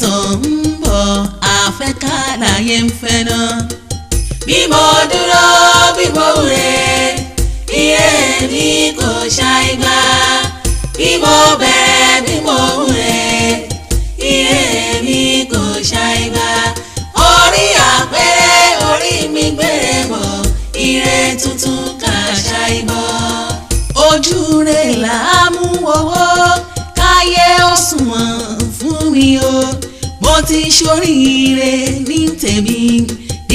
tó ń bọ̀ àfẹ́ká láyé ń fẹ́ náà. bí mo dúró bí mo wúre ire mi kò ṣàì gbà bí mo bẹ̀rẹ̀ bí mo wúre ire mi kò ṣàì gbà orí àpẹẹrẹ orí mi gbére bọ̀ ire tuntun kà ṣàì bọ̀ ojú rẹ̀ là á mú wọ́wọ́ káyé ó sùnwọ̀n fún mi o mo ti ṣoríire ní tèmi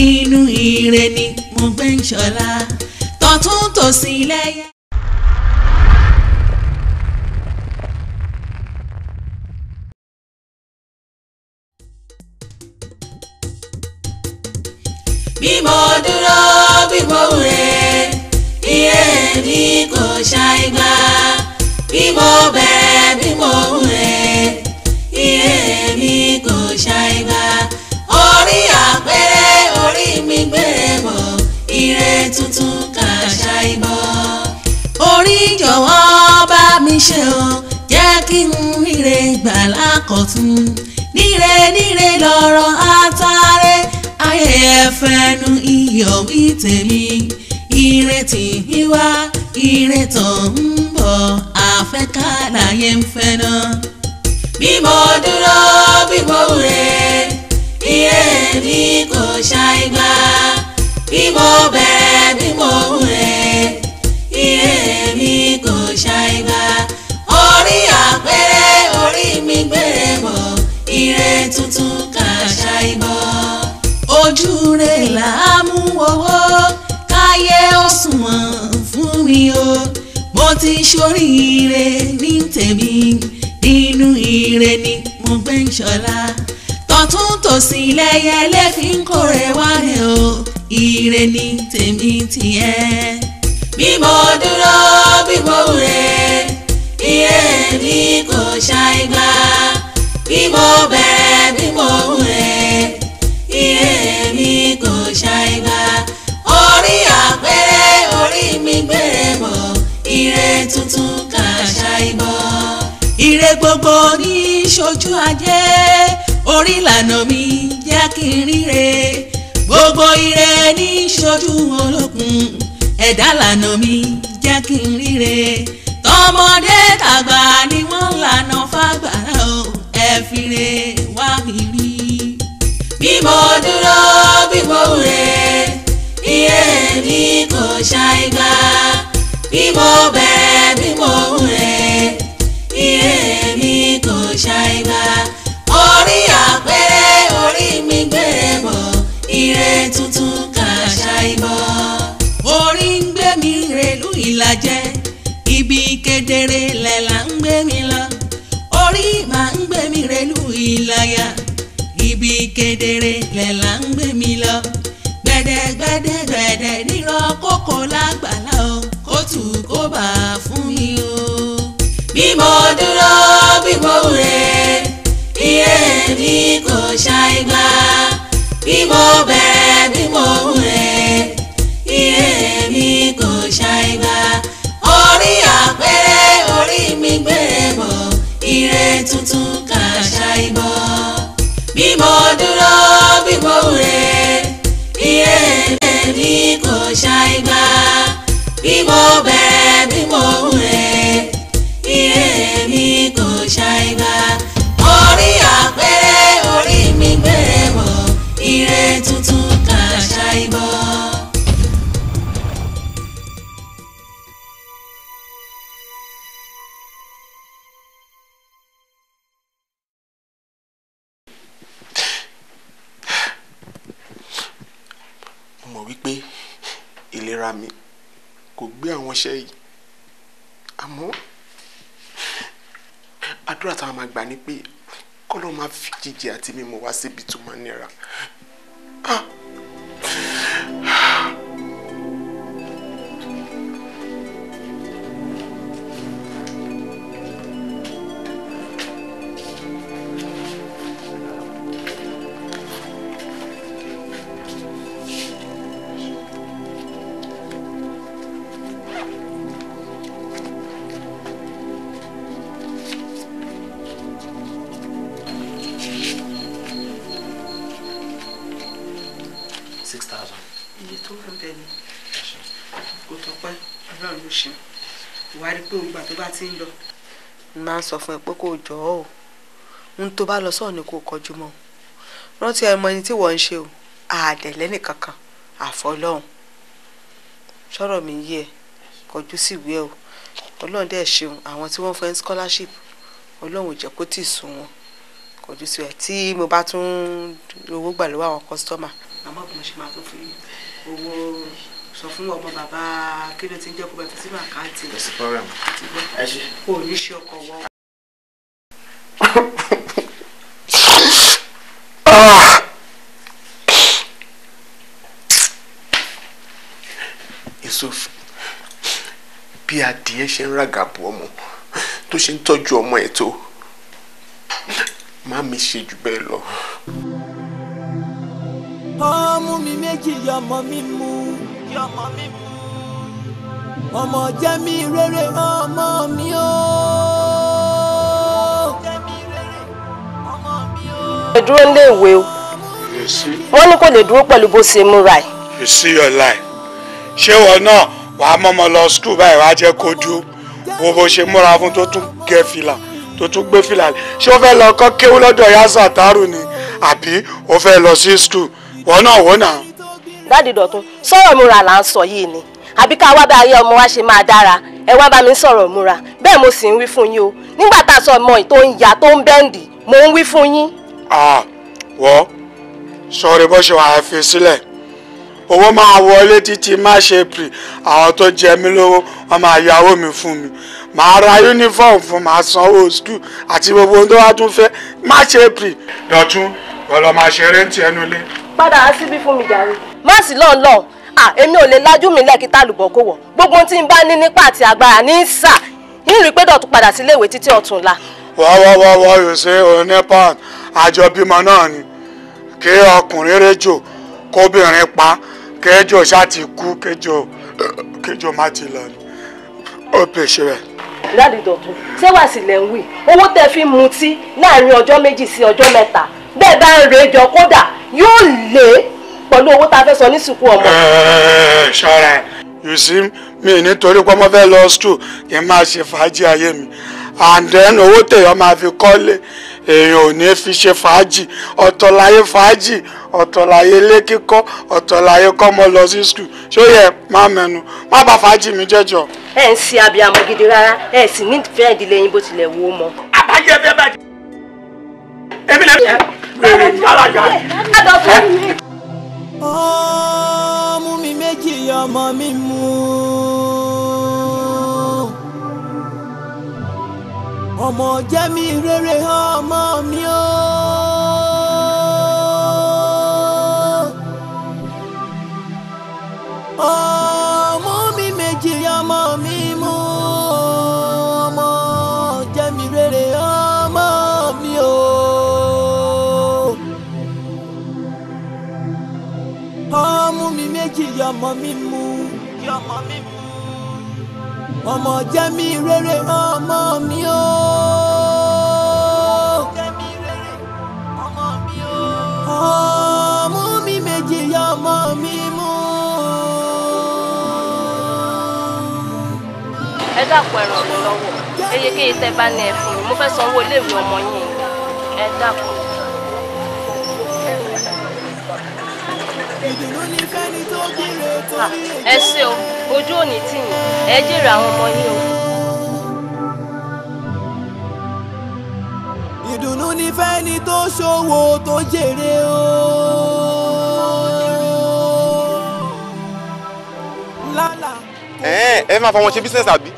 inú ire ni mo gbé ń ṣọlá tọ̀tún tòsì lẹ́yìn. bí mo dúró bí mo wúre ire mi kò ṣàìgbà. orin tuntun kàṣà ìbọ̀. orin jọ̀wọ́ bá mi ṣe o jẹ́ kí n ríre gbàlà kọ̀tún níre níre lọ́rọ̀ àtàrẹ ayé ẹ̀fẹ̀nu iyọ̀ wí tèmi ìrètí wíwá ìrètò ń bọ̀ àfẹ́ká láyé ń fẹ́ náà bí mo dúró bí mo rè é ire mi kò ṣàìmọ̀. ọ̀rẹ́ tuntun kàṣà ìbọ̀ ojú rẹ̀ là á mú wọ́wọ́ káyé ó sùnwọ̀n fún mi o mo ti ṣoríire ní tèmi nínú ire ni mo gbé ń ṣọlá tọ̀tún tòsì lẹ́yẹlé fi ń kórè wálé o ire ni tèmi tìẹ bí mo dúró bí mo rè ire mi kò ṣàìgbà bí mo bẹ̀rẹ̀. tuntun kàṣà ìbọ̀ ire gbogbo ní ṣojú ajé orí ìlànà mi jẹ́ kí n ríre gbogbo ire ní ṣojú olókun ẹ̀dá lànà mi jẹ́ kí n ríre tọmọdé tàgbà ni wọ́n lànà fàgbàrà o ẹ fi re wá mi rí. bí mo dúró bí mo rè ire mi kò ṣàìgbà bí mo bẹ̀rẹ̀ ohun rẹ̀ mi kò ṣàìgbà orí àpẹẹrẹ orí ire tuntun kà ṣàìbọ̀. orí ń gbé mi rèlú ìlàjẹ ibi kedere lẹ́la ń gbé mi lọ orí màá ń gbé mi rèlú ìlàyà ibi kedere lẹ́la ń gbé gbẹdẹgbẹdẹgbẹdẹ nírọ kókó lágbàlá o jésù kó bà fún mi o. bí mo dúró bí mo rè ire mi kò ṣàì gbà bí mo bẹ̀rẹ̀ bí mo rè ire mi kò ṣàì gbà orí àpẹẹrẹ orí mi gbèrè bọ̀ ire tuntun kà ṣàì bọ̀ bí mo dúró bí mo rè ire mi kò ṣàì gbà mo bẹ̀ bí mo ń rẹ̀ iye mi kò ṣàìgbà orí àpẹẹrẹ orí mi gbẹ̀wọ̀ ire tuntun kà ṣàìbọ̀. mọ̀ wípé ìlera mi kò gbé àwọn iṣẹ́ yìí àmọ́ àdúrà táwọn máa gbà ni pé kọ́lọ́ máa fi jíjẹ àti mímu wá síbi tó máa nira. Ah. ti ń lọ. máa ń sọ fún ẹ pé kò jọ ọ o ń tó bá lọ sọ̀rọ̀ ni kò kọjú mọ́ o rántí ọmọ ẹni tí wọ́n ń ṣe o àdẹ̀lẹ́ nìkankan àfọlọ́hún sọ̀rọ̀ mi yí ẹ kọjú síwèé o ọlọ́run dẹ̀ ṣeun àwọn tí wọ́n fẹ́ ń scholarship ọlọ́run ò jẹ́ kó tì sùn wọn kọjú síwèé tí mo bá tún owó gbà lọ́wọ́ àwọn kọ́sítọ́mà àmọ́ bí mo ṣe máa tún fi owó sọ fún ọmọ bàbá kí ló ti ń jẹ́ kó bá fi sínú àkáǹtì rẹ̀ kó o ní ṣe ọkọ̀ wọ. Yusuf bí adìẹ ṣe ń ràgàbọ ọmọ tó ṣe ń tọ́jú ọmọ ẹ̀ tó má mi ṣe jù bẹ́ẹ̀ lọ. ọmú mi méjì yọmọ mi mú lọ́mọ mi mú. ọmọ jẹ́ mi rere ọmọ mi o. ẹ dúró nílé ìwé o wọ́n ní kò lè dúró pẹ̀lú bó ṣe múra ẹ̀. you see your life ṣé wọn náà wàá mọ́mọ́ lọ skul báyìí wàá jẹ́ kó dúró wo bó ṣe múra fún tó tún gẹ fìlà tó tún gbé fìlà ṣé o fẹ́ lọ kọ́ kéwú lọ́dọ̀ yasa taru ni àbí o fẹ́ lọ sí skul wọn náà wọ́n náà dáàdì dọ̀tún sọ̀rọ̀ múra là ń sọ yìí ni àbí ká wá bá ayé ọmọ wa ṣe máa dára ẹ wá bá mi sọ̀rọ̀ múra bẹ́ẹ̀ mo sì ń wí fún yín o nígbà tá a sọ ọmọ yìí tó ń yà tó ń bẹ́ǹdì mo ń wí fún yín. wọ́ sọ̀rọ̀ bó ṣe wà á fi sílẹ̀ owó máa wọlé títí má ṣe pì àwọn tó jẹ mí lówó wọn máa yáwó mi fún mi màá ra uniform fún màá sanwó skul àti gbogbo ohun tó wá tún fẹ́ má ṣe pì. dọ̀tún bọ́lọ́ máa ṣeré ń tiẹ̀ nulẹ̀. padà síbí fún mi jàre má sí lọ́nlọ́n à èmi ò lè lajú mi lẹ́ẹ̀kí tálùbọ̀ kó wọ̀ gbogbo tí n bá ní nípa àti agbára ní sà ń rí i pé dọ̀tún padà sílé ìwé títí ọ̀túnla. wọ́n wọ́n wọ́n wọ́n yóò ṣe onípàn àjọbímọ náà ni kí ọkùnrin rẹjò kóbìnrin pa kẹjọ ṣáàtì kú kẹjọ kẹjọ má ti lọ ni ó pèsè rẹ. láti dọ̀tún ṣé wàá sì lẹ́ ń wì owó tẹ́ fi mutí láàrin ọjọ́ méjì sí ọjọ́ mẹ́ta bẹ́ẹ̀ bá ń rèé kódà yóò lé pẹ̀lú owó tá a fẹ́ sọ ní sìnkú ọmọ. ṣọ́ra ẹ̀ you see mi nítorí pé ọmọ fẹ́ lọ school kí n máa ṣe fàájì ayé mi and then owó tèèyàn máa fi kọ́lé èèyàn ò ní fi ṣe fàájì ọ̀tọ̀ láyé fàájì ọ̀tọ̀ láyé ilé kíkọ́ ọ̀tọ̀ láyé kọ́mọ lọ sí school ṣó má mẹ́nu má bà fàájì mi jẹ́jọ́. ẹ ń ṣe abiyamọ gidi rárá ẹ sì nífẹ̀ẹ́ ìdílé yín bó tilẹ̀ wo mọ. àbájẹ fẹ́ bàjẹ́ èmi lè. bẹ́ẹ̀ ni alága ó mú mi méjì ọmọ mi mú. ọmọ jẹ́ mi rere ọmọ mi ó. ó. méjì yọmọ mi mi mú. ọmọ jẹ́ mi rere ọmọ mi o. ọmọ mi o. ọmú mi mi mú. ẹ dàpọ̀ ẹ̀ràn mi lọ́wọ́ eyikeyi tẹ́ bá ní ẹ fún mi mo fẹ́ sanwó iléèwé ọmọ yín ẹ dàpọ̀. ìdùnnú ní fẹ́ni tó kéré ẹ ṣe o ojú òní tì yín ẹ jèrè àwọn ọmọ yín o. ìdùnnú ní fẹ́ni tó ṣòwò tó jèrè o. ẹ ẹ máa fọwọ́n ṣe bísíǹsì àbí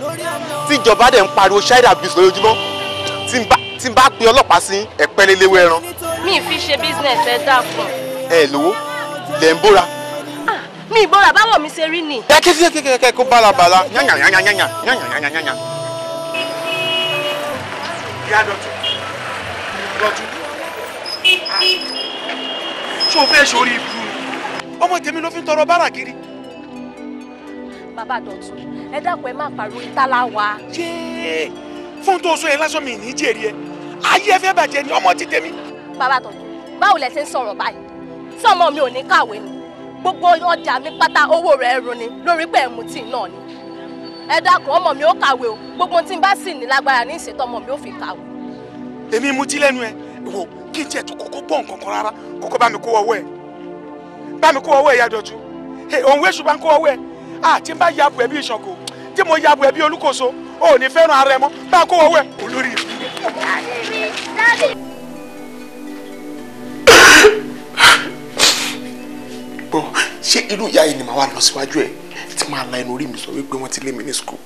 tíjọba dẹ̀ ń pariwo ṣáìdà bísí lójoojúmọ́ tí tí n bá pe ọlọ́pàá sí ẹ̀pẹ́ lélẹ́wọ́ ẹran. mi fi ṣe business ẹ dákun. ẹ lówó lẹ̀ ń bóra. Ah, mi ìbora báwo mi ṣe rí ni. kẹ́kẹ́ kẹ́kẹ́ kó bálabàla yányà yányà yányà yányà yányà. ìyá dọ̀tún dọ̀tún ah. ṣó fẹ́ sórí ibu ọmọ tèmi ló fi ń tọrọ bára kiri. bàbá dọ̀tún ẹ dákun ẹ má pariwo ìtàlá wa. yéé fún tó sọ yẹn lásán mi ní jèrè ẹ ayé ẹ fẹ́ bàjẹ́ ni ọmọ ti tèmi. bàbá dọ̀tún báwo lẹ ṣe ń sọ̀rọ̀ báyìí sọmọ mi ò ní kàwé ni gbogbo ọjà mi pátá owó rẹ̀ ẹrù ni lórí pé ẹ̀mú tì náà ni ẹ dákun ọmọ mi ò kàwé o gbogbo tí n bá sì ní lágbára ní ìṣètò ọmọ mi ò fi kàwé. èmi mú jí lẹ́nu ẹ wò kí n tiẹ̀ tó kókó bọ̀ nǹkan kan rárá kókó bá mi kó ọwọ́ ẹ bá mi kó ọwọ́ ẹ yàdọ̀tú òun wéṣù bá ń kó ọwọ́ ẹ àti bá yabù ẹ bí ìṣọ̀kò tí mo yabù ẹ bí olúkòso ò ní fẹ́ràn ara ẹ mọ́ bá kó ọwọ́ ẹ olórí. gbọ́ ṣé irú ìyá yìí ni màá wà lọ síwájú ẹ̀ tí màá la ẹnu orí mi sọ wípé wọ́n ti lé mi ní skul.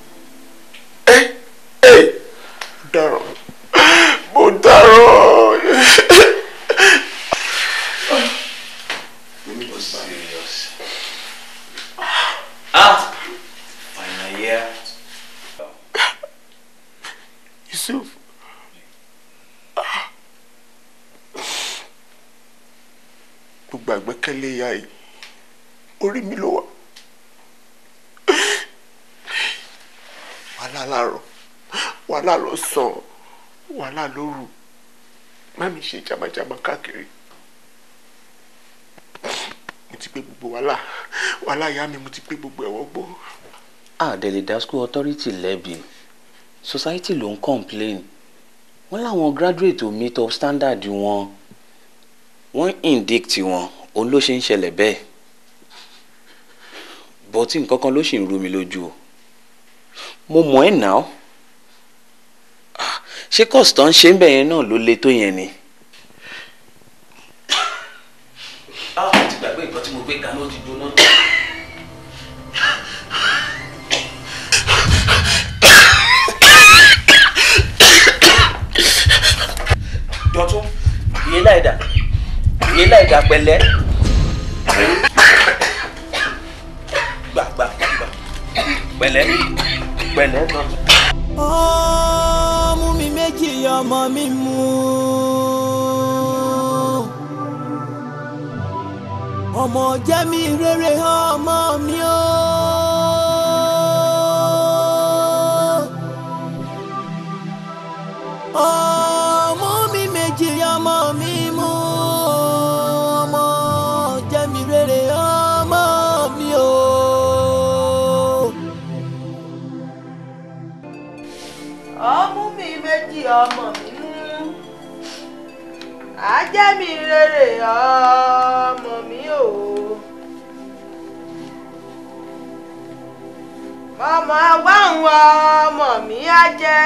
ẹ ẹ dáràn mo dáràn. Ah! Final year. Yusuf. Ah. gbogbo àgbẹ́kẹ̀lé yìí orí mi ló wà wàhálà láàárọ̀ wàhálà lọ́sàn wàhálà lóru má mi ṣe jamajama káàkiri mo ti gbé gbogbo wàhálà wàhálà ìyá mi mo ti gbé gbogbo ẹ̀wọ̀n gbó. àdèlè dá school authority lẹ́bi society ló ń complain wọ́n láwọn graduate ò meet up standard wọn wọ́n indict wọn òun ló ṣe ń ṣẹlẹ̀ bẹ́ẹ̀ bọ́tí nǹkan kan ló sì ń ru mi lójú o mo mọ̀ ẹ́ nà ọ́ ah, ṣé kọ́sítọ́ ń ṣe ń bẹ̀ yẹn náà ló le tó yẹn ni. báwo ah, ti láìda ìyẹn láìda pẹ̀lẹ́. pẹ̀lẹ́ pẹ̀lẹ́ náà. ó mú mi méjì ọmọ mi mú. ọmọ jẹ́ mi rere ọmọ mi ó. Oh. di ọmọ mi mú àjẹmí rere ọmọ mi o. ọmọ wa ń wọ ọmọ mi á jẹ́.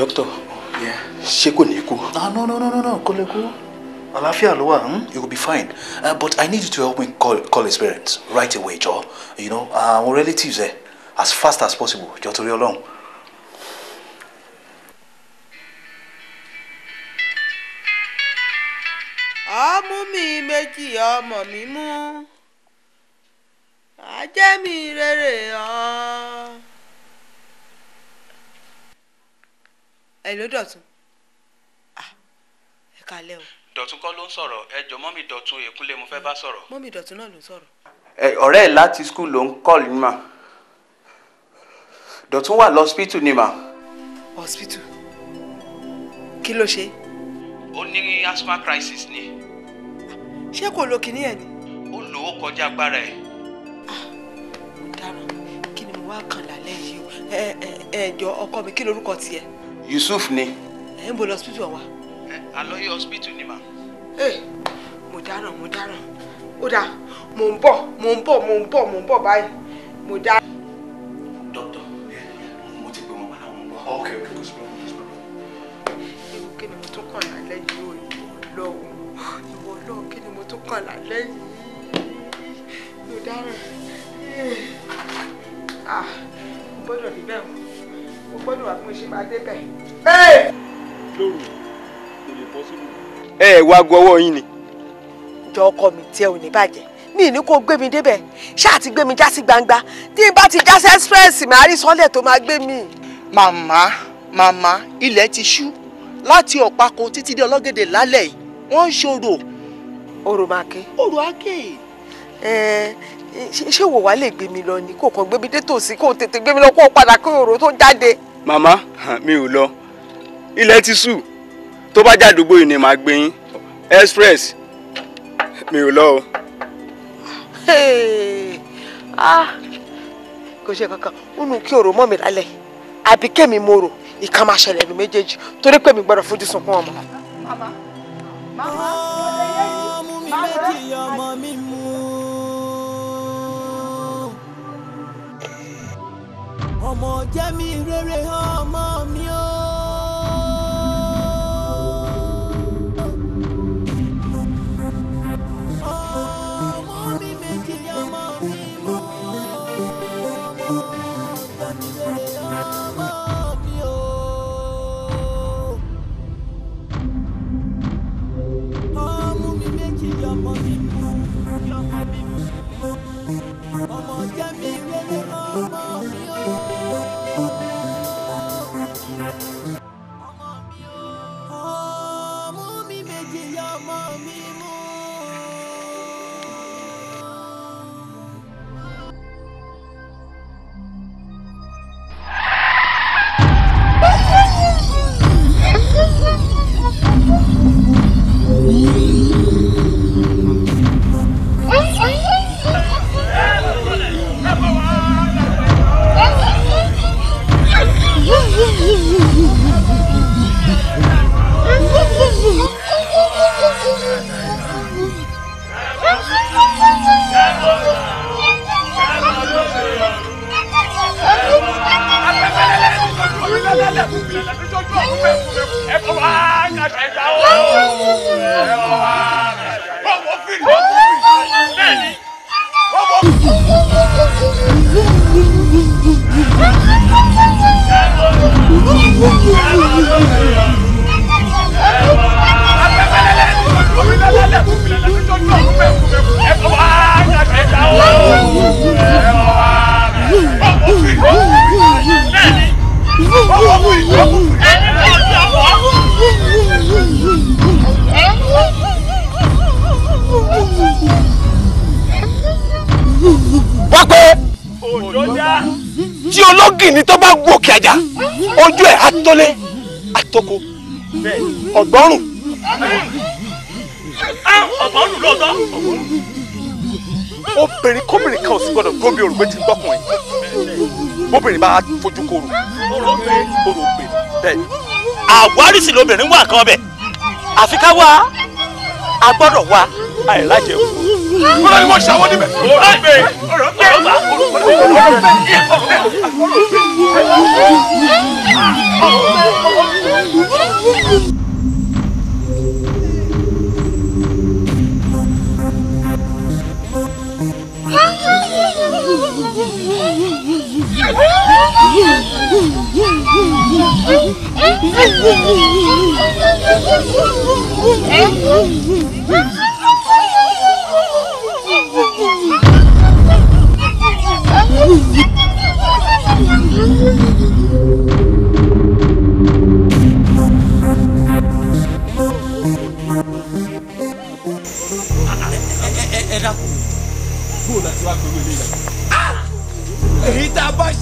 doctor ṣé kò ní kú. Ah, no no no no no kò lè kú àlàáfíà ló wà you hmm? will be fine uh, but i need you to help me call call his parents right away jọ you know our uh, relatives eh, as fast as possible jọ torí Ọlọ́run. ọmú mi méjì ọmọ mi mú ajẹ́ mi rere ọ́. Oh. ẹ ló dọ̀tún ah, ẹ kalẹ̀ o. dọ̀tún kọ́ ló ń sọ̀rọ̀ ẹ jọ mọ́mì dọ̀tún èkúnlé mo fẹ́ bá sọ̀rọ̀. mọ́mì dọ̀tún náà ló ń sọ̀rọ̀. ọ̀rẹ́ ẹ̀ láti skul ló ń kọ́ ni mà dọ̀tún wà lọ́sípítù ni mà. hospital kí ló ṣe. ó ní asthma crisis ni. ṣé kò lo kinní ẹ ni. ó lò ó kọjá agbára ẹ. Ah, mo dára kí ni mo wá kàn lálẹ́ yìí o ẹ ẹ ẹ jọ ọkọ mi kí lorúkọ tiẹ̀. Yusuf ni. ẹ ń bọ̀ lọ hospital wa. ẹ àlọ́yé hospital ni mà. ẹ eh, mo dáràn mo dáràn ó dáa mò ń bọ̀ mò ń bọ̀ mò ń bọ̀ mò ń bọ̀ báyìí mo dá wago ọwọ́ yín ni. jọ ọkọ mi tiẹ ò ní bàjẹ́ mi ní kó gbé mi débẹ̀ ṣáà ti gbé mi já sí gbangba tí n bá ti já sí express mi àárín sọ́lẹ̀ tó máa gbé mi. màmá màmá ilẹ̀ ti ṣú láti ọ̀pákó títí dé ọlọ́gẹ̀dẹ̀ lálẹ́ yìí wọ́n ń ṣòro. orò máa ké. orò ẹ ṣé wò wá lè gbé mi lọ ni kò kàn gbé mi dé tòsí kò tètè gbé mi lọ kó padà kí òrò tó jáde. màmá mi ò lọ ilẹ̀ ti ṣú tó bá jáde gbóyè ni màá gbé yín express mi ò lọ o. Ah. kò ṣe kankan nínú kí ọ̀rọ̀ mọ́ mi lálẹ́ àbí kémi mo rò ìka máa ṣẹlẹ̀ ní méjèèjì torí pé mi gbọ́dọ̀ fojú sunkún ọmọ. ọmọ jẹ́ mi rere ọmọ mi o. Oh my God. máa fojú koro orò pé orò pé bẹ́ẹ̀ àwárí sì lóbìnrin wà kan bẹ̀ àfi ká wá a gbọ́dọ̀ wá àìlájẹ kú. kúrò ni wọ́n ṣàwọ́ níbẹ̀. ọ̀rọ̀ pé ọ̀rọ̀ pé ọ̀rọ̀ pé ọ̀rọ̀ pé ọ̀rọ̀ pé.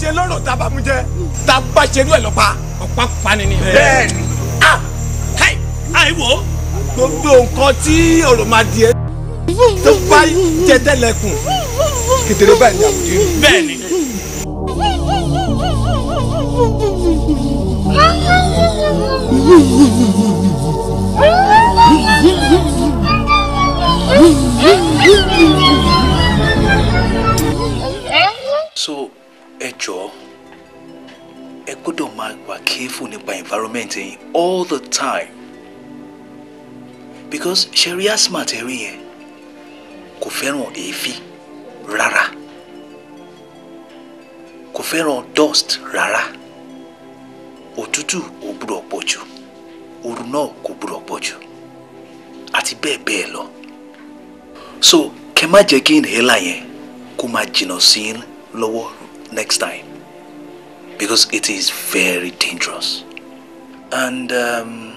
ṣe lọ́rọ̀ tá a bá mú jẹ tá a bá ṣe inú ẹ̀ lọ́pàá pakupani ni. bẹ́ẹ̀ni ah hey àìwò gbogbo nǹkan tí òròmọdìẹ tó bá jẹ tẹlẹkùn kedere báyìí ni àwùjọ yìí. bẹ́ẹ̀ni. Woo! máa wà careful nípa environment yẹn all the time because sherry asma tẹ̀rí yẹn kò fẹ́ràn èéfín rárá kò fẹ́ràn dust rara. òtútù ò gbúdọ̀ pọ̀ jù ooru náà kò gbúdọ̀ ati jù àti bẹ́ẹ̀ lọ so kẹ má jẹ́ kí inhaler yẹn kó máa jìnnà sí lọ́wọ́ next time because it is very dangerous and um,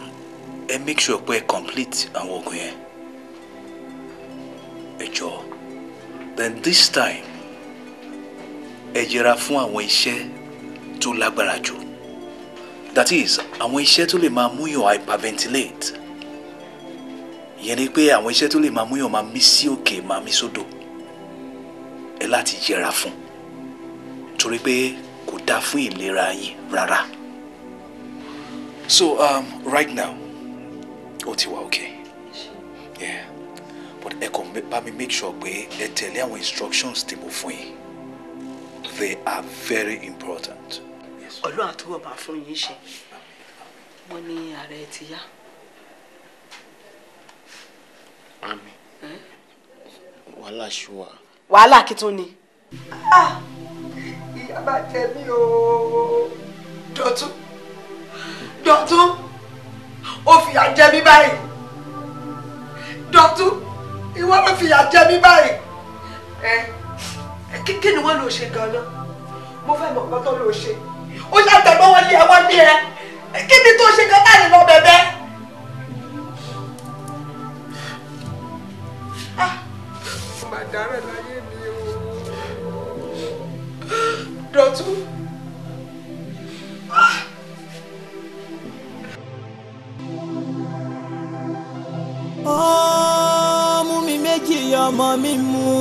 ẹ um, make sure pé complete and oògùn yẹn ẹ then this time ẹ yẹra fún àwọn iṣẹ́ tó lágbára that is àwọn iṣẹ́ tó lè máa múyàn hyperventilate ìyẹn ni pé àwọn iṣẹ́ tó lè máa múyàn máa mí sí òkè máa mí sódò ẹ láti yẹra fún torí pé kò dáa fún ìlera yín rárá. so um, right now ó ti wà okay yeah. but ẹ kàn bá mi make sure pé ẹ tẹ̀lé àwọn instructions tí mo fún yín they are very important. ọlọ́run àtúwọ̀ bá fún yín ṣe wọ́n ní ààrẹ ti yá. àmín wàhálà ṣùwà. wàhálà kí tún ni. ah ìyá bá jẹ mí o dọ̀tún dọ̀tún ó fìyà jẹ mí báyìí dọ̀tún ìwọ ló fìyà jẹ mí báyìí ẹ kí ni wọ́n lò ṣe gan-an mo fẹ́ mọ̀ nǹkan tó lò ṣe ó ṣàtẹ̀gbọ́ wọn lé ẹ wọ́n lé ẹ kí ni tó ṣe gan-an báyìí lọ bẹ̀bẹ̀. Ah, my darling. mímu.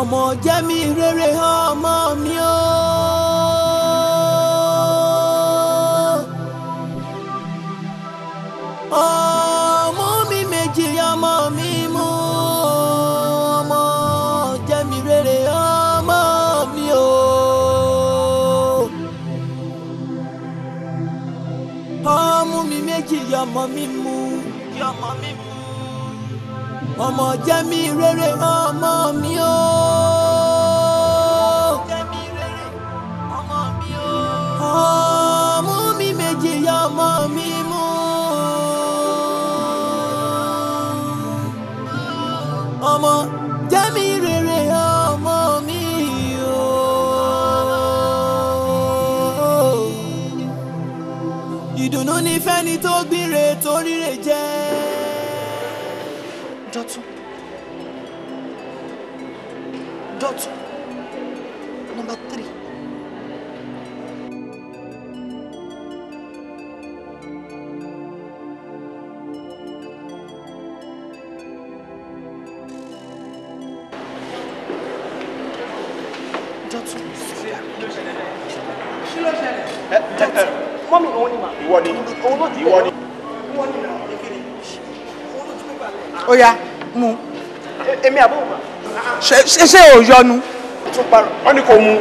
ọmọ jẹ́ mi rere ọmọ mi o. ọmọ mi méjì ọmọ mi mú ọmọ jẹ́ mi rere ọmọ mi o. ọmọ mi méjì ọmọ mi ọmọ jẹ́ mi rere ọmọ mi o. ìwọ ni ìwọ ni. ó yá mu. èmi àbò wà. ṣe ṣe ò yọnu. tún parọ́ wọ́n ní kò mu.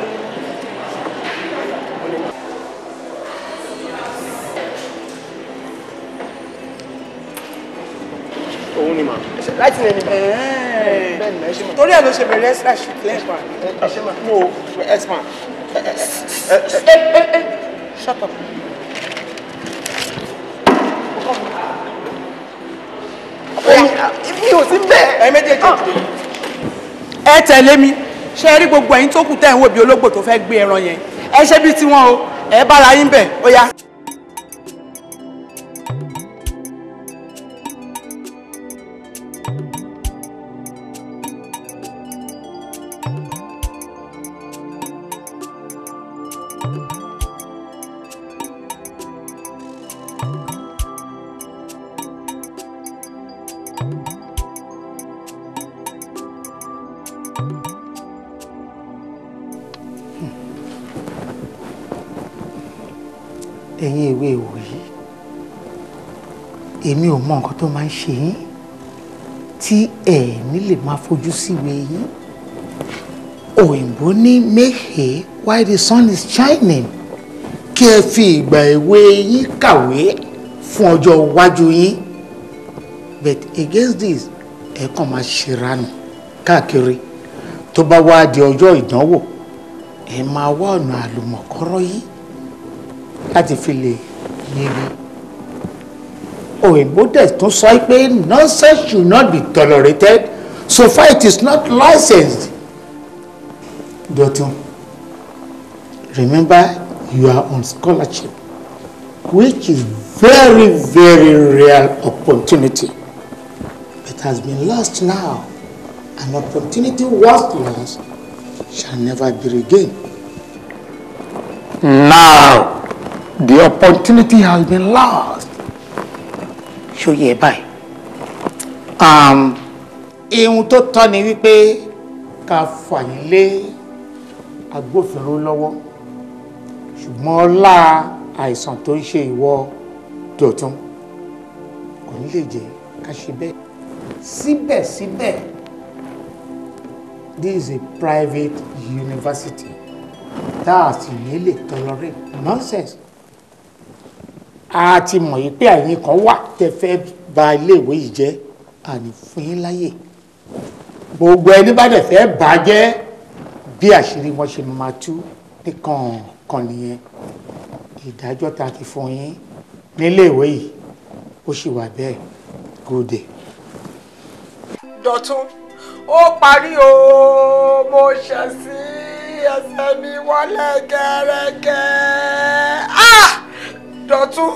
òun ni mà. láti nẹni mà. torí ẹ ló ṣe bẹ̀rẹ̀ extra shift lẹ́ẹ̀kan. ẹ ṣe mà. mo extra. shut up. ò sí bẹ́ẹ̀. ẹ méjèèjì òkè. Ah. ẹ tẹ̀lé mi ṣe rí gbogbo ẹ̀yin tó kù tẹ̀ ń wò bí ológbò tó fẹ́ gbé ẹran yẹn ẹ ṣe bí tiwọn o ẹ bára yín bẹ̀ ó yá. mọ nǹkan tó máa ń ṣe yín tí ẹ̀ẹ̀mí lè máa fojú síwe yín òyìnbó ní make hay the sun is shining kí ẹ fi ìgbà èwe yín kàwé fún ọjọ́ iwájú yín but against this ẹ kàn máa ṣèrànù káàkiri tó bá wá di ọjọ́ ìdánwò ẹ máa wá ọ̀nà àlùmọ̀kọ́rọ́ yìí láti fi lè yege. òyìnbó dẹ̀ tún sọ pé nonsense should not be tolerated so far it is not licensed. Dotun, remember you are on scholarship which is very very rare opportunity. It has been lost now. An opportunity once lost shall never be regained. Now, the opportunity has been lost. ṣó yẹ báyìí um, ihun tó tọ́ ni wípé ká fàyín lé agbófinró lọ́wọ́ ṣùgbọ́n ọlá àìsàn tó ń ṣe ìwọ dọ̀tún kò ní lè jẹ́ ká ṣe bẹ́ẹ̀ síbẹ̀síbẹ̀ this is a private university tá a sì ní lè tolerate nonsense a ti mọ̀ yìí pé àyín kan wà tẹ́ fẹ́ bà iléèwé yìí jẹ́ àní fún yín láyè gbogbo ẹni bá dẹ̀ fẹ́ bà á bí àṣírí wọn ṣe máa tú nìkan kan nìyẹn ìdájọ́ ta ti fún yín níléèwé yìí ó sì wà bẹ́ẹ̀ good dọ̀tún ó parí o mo ṣe sí ẹsẹ̀ mi wọlé gẹ́rẹ́gẹ́ ah dọ̀tún.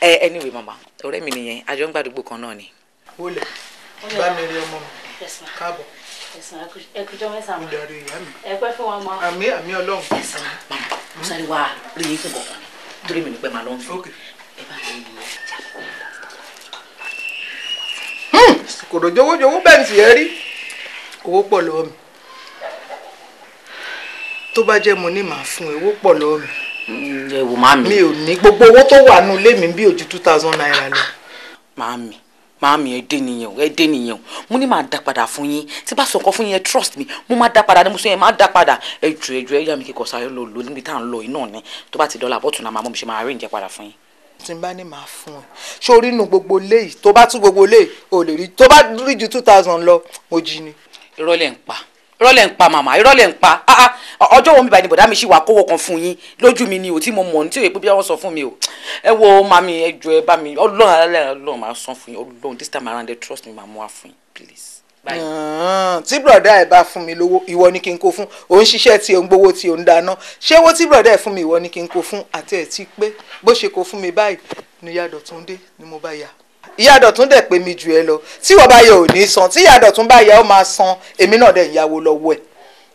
ẹ eh, anyway mama ọ̀rẹ́ mi nìyẹn àjọ ń gbàdúgbò kan náà ni. wọlé bá mi rí ọmọ mi káàbọ̀ ẹkùjọ mẹ́sàn-án ẹkùjọ fún wa mọ. àmì àmì Ọlọ́run. mama mo sáré wá rí yín fún bọkàn ni torí mi ní pẹ máa lọ ń fún ẹ bá mi rí yín hmm! kòdò jowójowó bẹ́ẹ̀ sì ẹ rí owó pọ̀ lọ́wọ́ mi tó bá jẹ́ mo ní màá fún owó pọ̀ lọ́wọ́ mi ẹ wò màmí. mi ò ní gbogbo owó tó wà nù lé mi bí ojú two thousand naira lọ. màmí màámi ẹ dé nìyẹn o ẹ dé nìyẹn o mo ní máa dá padà fún yín tí bá sọkọ fún yín ẹ trust me mo máa dá padà ní mo sọ yẹn máa dá padà ẹ jù ẹ jù ẹ yá mi kíkọ sáré lọ lọ níbi tá à ń lọ yìí náà ni tó bá ti dọ́là bọ́tù náà máa mọ̀ mi ṣe máa rí ǹjẹ́ padà fún yín. tí n bá ní máa fún ẹ sórí inú gbogbo léyìí tó bá tún gbogbo léyìí ò lè rí tó bá rí ju two thousand lọ mo jí ni. irọ́ lẹ̀ ń pa rọ́lẹ̀ ń pa màmá rọ́lẹ̀ ń pa ah ah ọjọ́ wo mi báyìí ni mi ṣì wà kówó kan fún yín lójú mi ni o tí mo mọ̀ ní tí òye pé bí wọ́n sọ fún mi o ẹ wo mami ẹ jọ ẹ bá mi ọlọ́run alẹ́ máa sọ fún yín ọlọ́run this time around trust me máa wa fún yín please. tí bùrọ̀dá ẹ̀ bá fún mi lówó ìwọ ni kí n kó fún òun ṣiṣẹ́ tí òun gbowó tí òun dáná ṣé owó tí bùrọ̀dá ẹ̀ fún mi ìwọ ni kí n kó fún àti ẹ̀ ti pé bó ṣe kó fún mi báyìí ni yàdọ̀ tó dé ni mo bá yà ìyá àdọ̀tún dẹ̀ pé mi jù ẹ lọ tí wọ́n bá yẹ ò ní san tí ìyá àdọ̀tún bá yẹ ó máa san èmi náà dẹ̀ ìyàwó lọ́wọ́ ẹ̀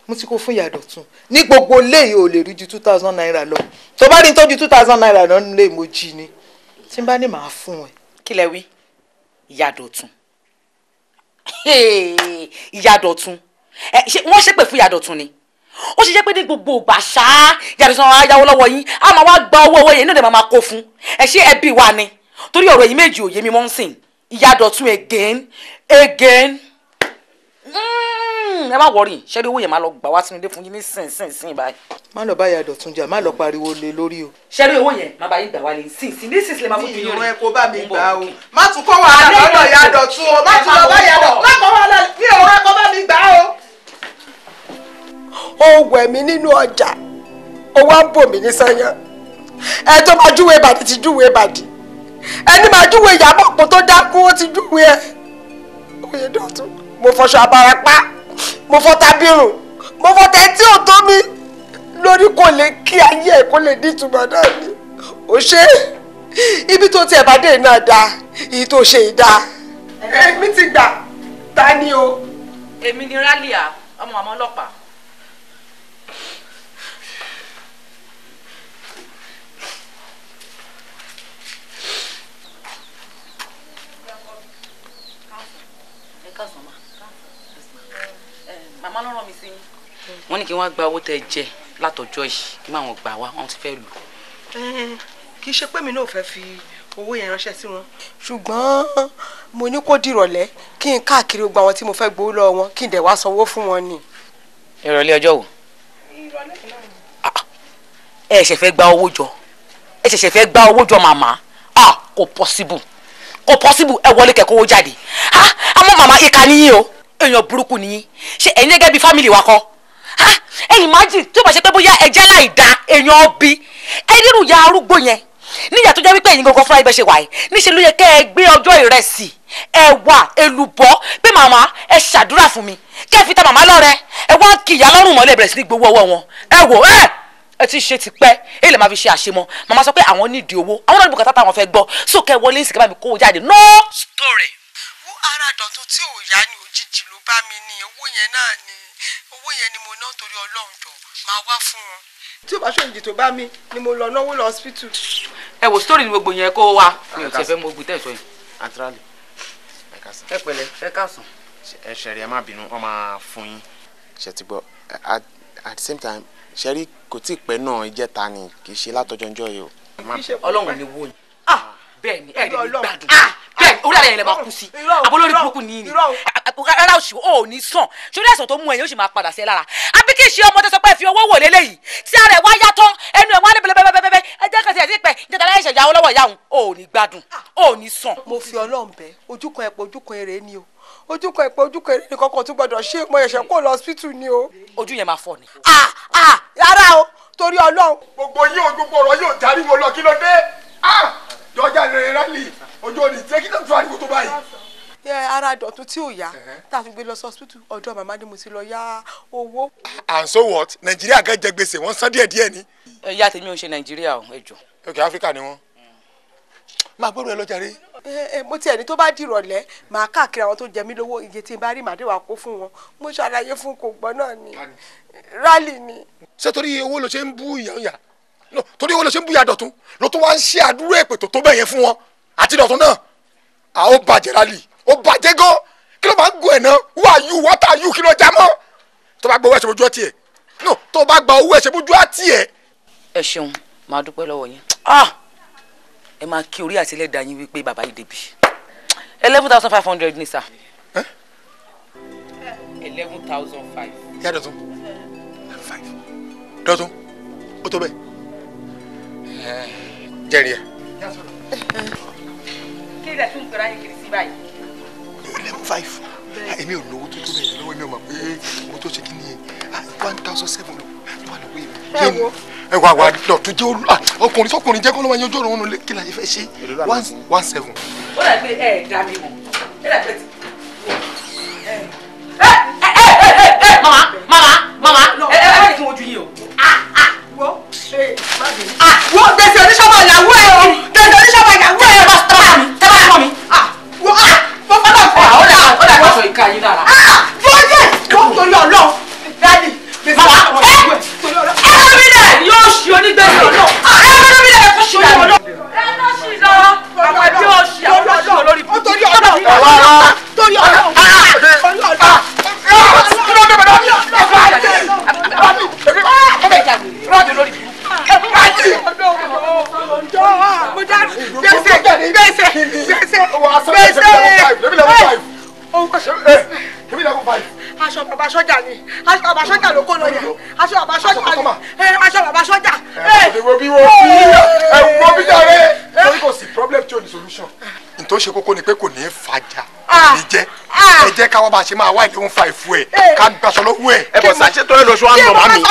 mo ti kó fún ìyá àdọ̀tún ní gbogbo léyìí ò lè rí ju two thousand naira lọ tó bá rí tó ju two thousand naira lọ nílé mo jí ni tí n bá ní màá fún ẹ. kí lẹ wí ìyá àdọ̀tún ìyá àdọ̀tún wọ́n ṣépè fún ìyá àdọ̀tún ni ó ṣe jẹ́ pé ní gbogbo ìgbà ṣáá ìyá àdọ̀tún àwọn ayáwó lọ́wọ́ yín á máa wá gba owó owó yẹn náà torí ọ̀rọ̀ yìí méjì ò yé mi mọ́ ń sìn ìyá dọ̀tún again again mm, ẹ má wọrí ṣẹ́rí owó yẹn má lọ gbà wá sínú ilé fún yín ní sìn sìn sìn báyìí. má lọ bá ìyá dọ̀tún jà má lọ pariwo lé lórí o. ṣẹ́rí owó yẹn má bá yín gbà wá lé sìn sìn ní sìn sílẹ̀ má fún mi lórí. ìwọ̀n ẹ kò bá mi gbà o má tún kọ́ wàhálà lọ́dọ̀ ìyá dọ̀tún o má tún lọ bá ìyá dọ̀tún má kọ́ wàhálà mi ò rẹ́ kọ́ bá mi gbà o. ó wẹ̀ mí nínú ọjà ó wá ń bò mí ní sányán ẹ tó bá júwe ìbàdí ti júwe ìbàdí ẹni máa júwe ìyàbọ̀ pò tó dákú ó ti júwe ẹ oyè dọ̀tún mo fọṣọ abarapá mo fọ tábìrù mo fọ tẹ́tí ọ̀tọ́ mi lórí kò lè kí ayé ẹ̀ kó lè ní ìtumọ̀ náà ni ò ṣe ibi tó tiẹ̀ bá dé náà dáa èyí tó ṣe ìdá èmi ti gbà ta ni o. èmi ni rálíà ọmọ àmọ́ ọlọ́pàá. màmá ló ràn mí sí yín. wọ́n ní kí wọ́n gba owó tẹ jẹ látọjọ́ yìí kí máa wọn gbà wá wọ́n ti fẹ́ lù. kì í ṣe pé mi náà fẹ́ fi owó yẹn ránṣẹ́ sí wọn. ṣùgbọ́n mo ní kó dìrọ̀lẹ́ kí n káàkiri gbogbo àwọn tí mo fẹ́ gbowó lọ́wọ́ wọn kí n dẹ̀ wá sanwó fún wọn ni. ìrọ̀lẹ́ ọjọ́ wo. ìrọ̀lẹ́ ah, ah. ẹ ṣẹ̀ṣẹ̀ fẹ́ gba owó jọ ẹ ṣẹ̀ṣẹ̀ fẹ́ gba owó jọ màmá ah kò possible kò possible ẹ wọlé kẹ́kọ̀ọ́ jáde ah àmọ́ màmá ìkànnì yìí o èèyàn burúkú nìyí ṣé ẹ̀yin gẹ́gẹ́ bíi fámìlì wa kọ́ ẹ̀yin májì tó bá ṣe pé bóyá ẹ̀jẹ̀ láì da èèyàn bí ẹni rù ya arúgbó yẹn níyà tó jẹ́ wípé ẹ̀yin gangan fúnra ibẹ̀ ṣe wà yìí níṣẹ́ ló yẹ kẹ́ ẹ gbé ọjọ́ ìrẹsì ẹ̀wà èlùbọ́ pé màmá ẹ ṣàdúrà fún mi kẹ́ ẹ fi ta màmá lọ́rẹ ẹ wá kí ìyá lọ́rùn mọ́lẹ̀ bẹ̀rẹ̀ sí ní gbowó ọwọ́ wọn ẹ wò ẹ́ ẹ ti ṣe tipẹ́ ẹ lè máa fi ṣe àṣemọ màmá sọ pé àwọn nídìí owó àwọn náà ní bùkátà táwọn fẹ́ gbọ́ sókè wọlé ìsìnkú bá mi kó jáde no story ara Dọ̀tun tí ò yá ni òjijì ló bá mi ní owó yẹn náà ni owó yẹn ni mo ná torí Ọlọ́run jọ máa wá fún wọn. tí o bá ṣòǹdì tó bá mi ni mo lọ náwó lọ hospital. ẹ wo story ni gbogbo yẹn kó wa mi ò tẹ̀fẹ́ mo gbùtẹ́ ìsọyìn. àtúrálì ẹ kásán. ẹ pẹ̀lẹ́ ẹ kásán. ẹ ṣẹ̀rí ẹ má bínú ọ máa fún yín. ṣe ti gbọ́ at the same time ṣẹ́rí kò tí ì pẹ́ náà ìjẹta ni kì í ṣe látọjọ́ ọjọ́ yìí o. Ọlọ́run ni wọ́n yìí. Ah! Ah! bẹ́ẹ̀ ni ẹ̀ẹ́dẹ̀ orí àlẹ́ yẹn lè máa kú sí abolórí burúkú ní ní rárá oṣù ò ní sàn sórí ẹ̀sán tó mú ẹ̀yìn oṣù máa padà sí ẹ lára àbí kí ṣe ọmọ sọ pé ẹ fi owó wò lélẹ́yìí tí ara ẹ̀ wá yá ẹnu ẹ̀ wá ní bẹ́lẹ́bẹ́lẹ́bẹ́lẹ́ ẹ jẹ́ kẹsì ẹ̀ sí pẹ̀ níta láyé ìṣẹ̀jà ọlọ́wọ́ ìyá òun ní gbádùn ò ní sàn. mo fi Ọlọ́run bẹ̀ ojúkan ẹ̀pọ̀ ojúkan èrè ni o ojúkan ẹ̀pọ̀ ojúkan èrè ni kankan tún gbọdọ̀ ṣe mo ṣẹ̀ṣẹ̀ kó lọ hospital ni o. ojú yẹn máa fọ ni. ah ah rárá o torí Ọlọ́run. gbogbo yín o jọjá rere rálì ojú òní jẹ́ kí ló tún ariwo tó báyìí. ara dọ̀tún tí ò yá tá a fi gbé lọ sọ́sítù ọ̀dọ̀ màmá ni mo ti lọ yá owó. and so what nàìjíríà kan jẹ gbèsè wọn san díẹ̀ díẹ̀ ni. ẹ yá tèmi ò ṣe nàìjíríà o ẹ jọ. ok áfíríkà ni wọn máa gbọ́dọ̀ ẹ lọ́jà rí. mo ti ẹni tó bá dìrọ̀lẹ́ màá káàkiri àwọn tó jẹ mí lówó iye tí n bá rí màá kó fún wọn mo ṣàlàyé fún kò gbọ́ náà ni rálì ni. ṣé torí owó ló ṣe ń bú torí wọn lọ ṣe ń búyà dọ̀tún ló tún wá ń ṣe àdúrà èpè tó tó bẹ́ẹ̀ yẹn fún wọn àti dọ̀tún náà à ó bàjẹ́ rálì ó bàjẹ́ gan kí ló máa ń gun ẹ̀ náà who are you what are you kí ló já mọ́ tó bá gba owó ẹ̀ṣẹ̀ bójú ọtí ẹ̀ no tó bá gba owó ẹ̀ṣẹ̀ bójú ọtí ẹ̀. ẹ ṣeun máa dúpẹ́ lọ́wọ́ yẹn ah! ẹ máa kí orí àti ẹlẹ́dàá yín wípé bàbá yìí débi eleven thousand five hundred ní sà. eleven thousand five. yá dọ̀tún five dọ̀tún ó tó bẹ́ẹ̀ jẹ́rìí ẹ̀. kí lè tún kọ́ra yín kiri sí báyìí. eleven five èmi ò lówó tó tó bẹ́ẹ̀ lọ́wọ́ èmi ò mọ̀ pé mo tó ṣe kí ni ah, one thousand seven ló wà lọ́wọ́ èmi. ẹ wo ẹ wà lọ tó jẹ́ ah, ọkùnrin sọkùnrin jẹ́ kọ́lọ́wọ́ yẹn ojú ọ̀run òun kí láyé fẹ́ ṣe one seven. ó dà pé ẹ dá mi mọ̀ ẹ dà pé ti. ẹ ẹ ẹ ẹ mama mama mama. bàbá sọ́jà ló kó lọ yà aṣọ bàbá sọ́jà ló aṣọ bàbá sọ́jà. ẹ wo bí wo bí ẹ wo bí jàre torí kò sí problem tí o ní solution. n tó ṣe kókó ni pé kò ní í fajà kò ah! ní jẹ ah! ẹ jẹ káwọn bá ṣe máa wá ìdíwọ̀n fa ìfú eh! ẹ ká gbaṣọ lọ́wọ́ ẹ. ẹ bọ sa ṣe tó ẹ lọ sọ wa nọ máa mi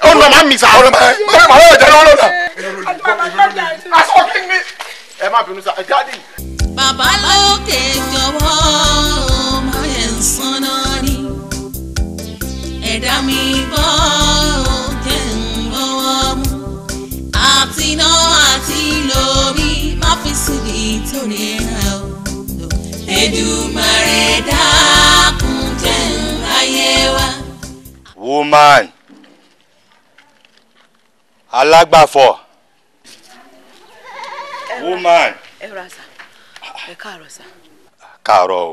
ó nọ máa mi sa ọ̀rọ̀ máa ẹ máa yọ jẹrọ lọ́dà. ẹ má bínú sa ẹ jáde. bàbá lọ. Man, alágbàfọ̀ woman. ẹ rà sá ẹ káàárọ̀ sá. káàárọ̀ o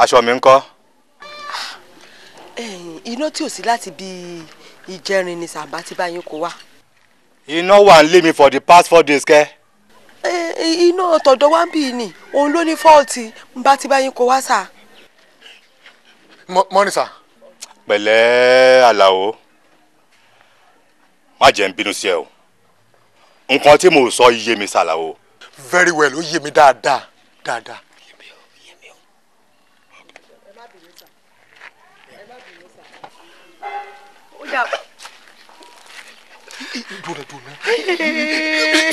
aṣọ mi ń kọ́. iná tí ò sí láti bí ìjẹrin ni sàǹbá ti bá yín kó wá. iná wà ń lé mi for the past four days kẹ́. iná tọ̀dọ̀ wá ń bì ní òun ló ní fọ́ọ̀tì ń bá ti bá yín kó wá sá. mọ́ni sá pẹ̀lẹ́ Àlàó má jẹ́ ń bínú sí ẹ o nǹkan tí mo sọ yé mi ṣàlàó. very well ó yé mi dáadáa dáadáa. dùnà dùnà.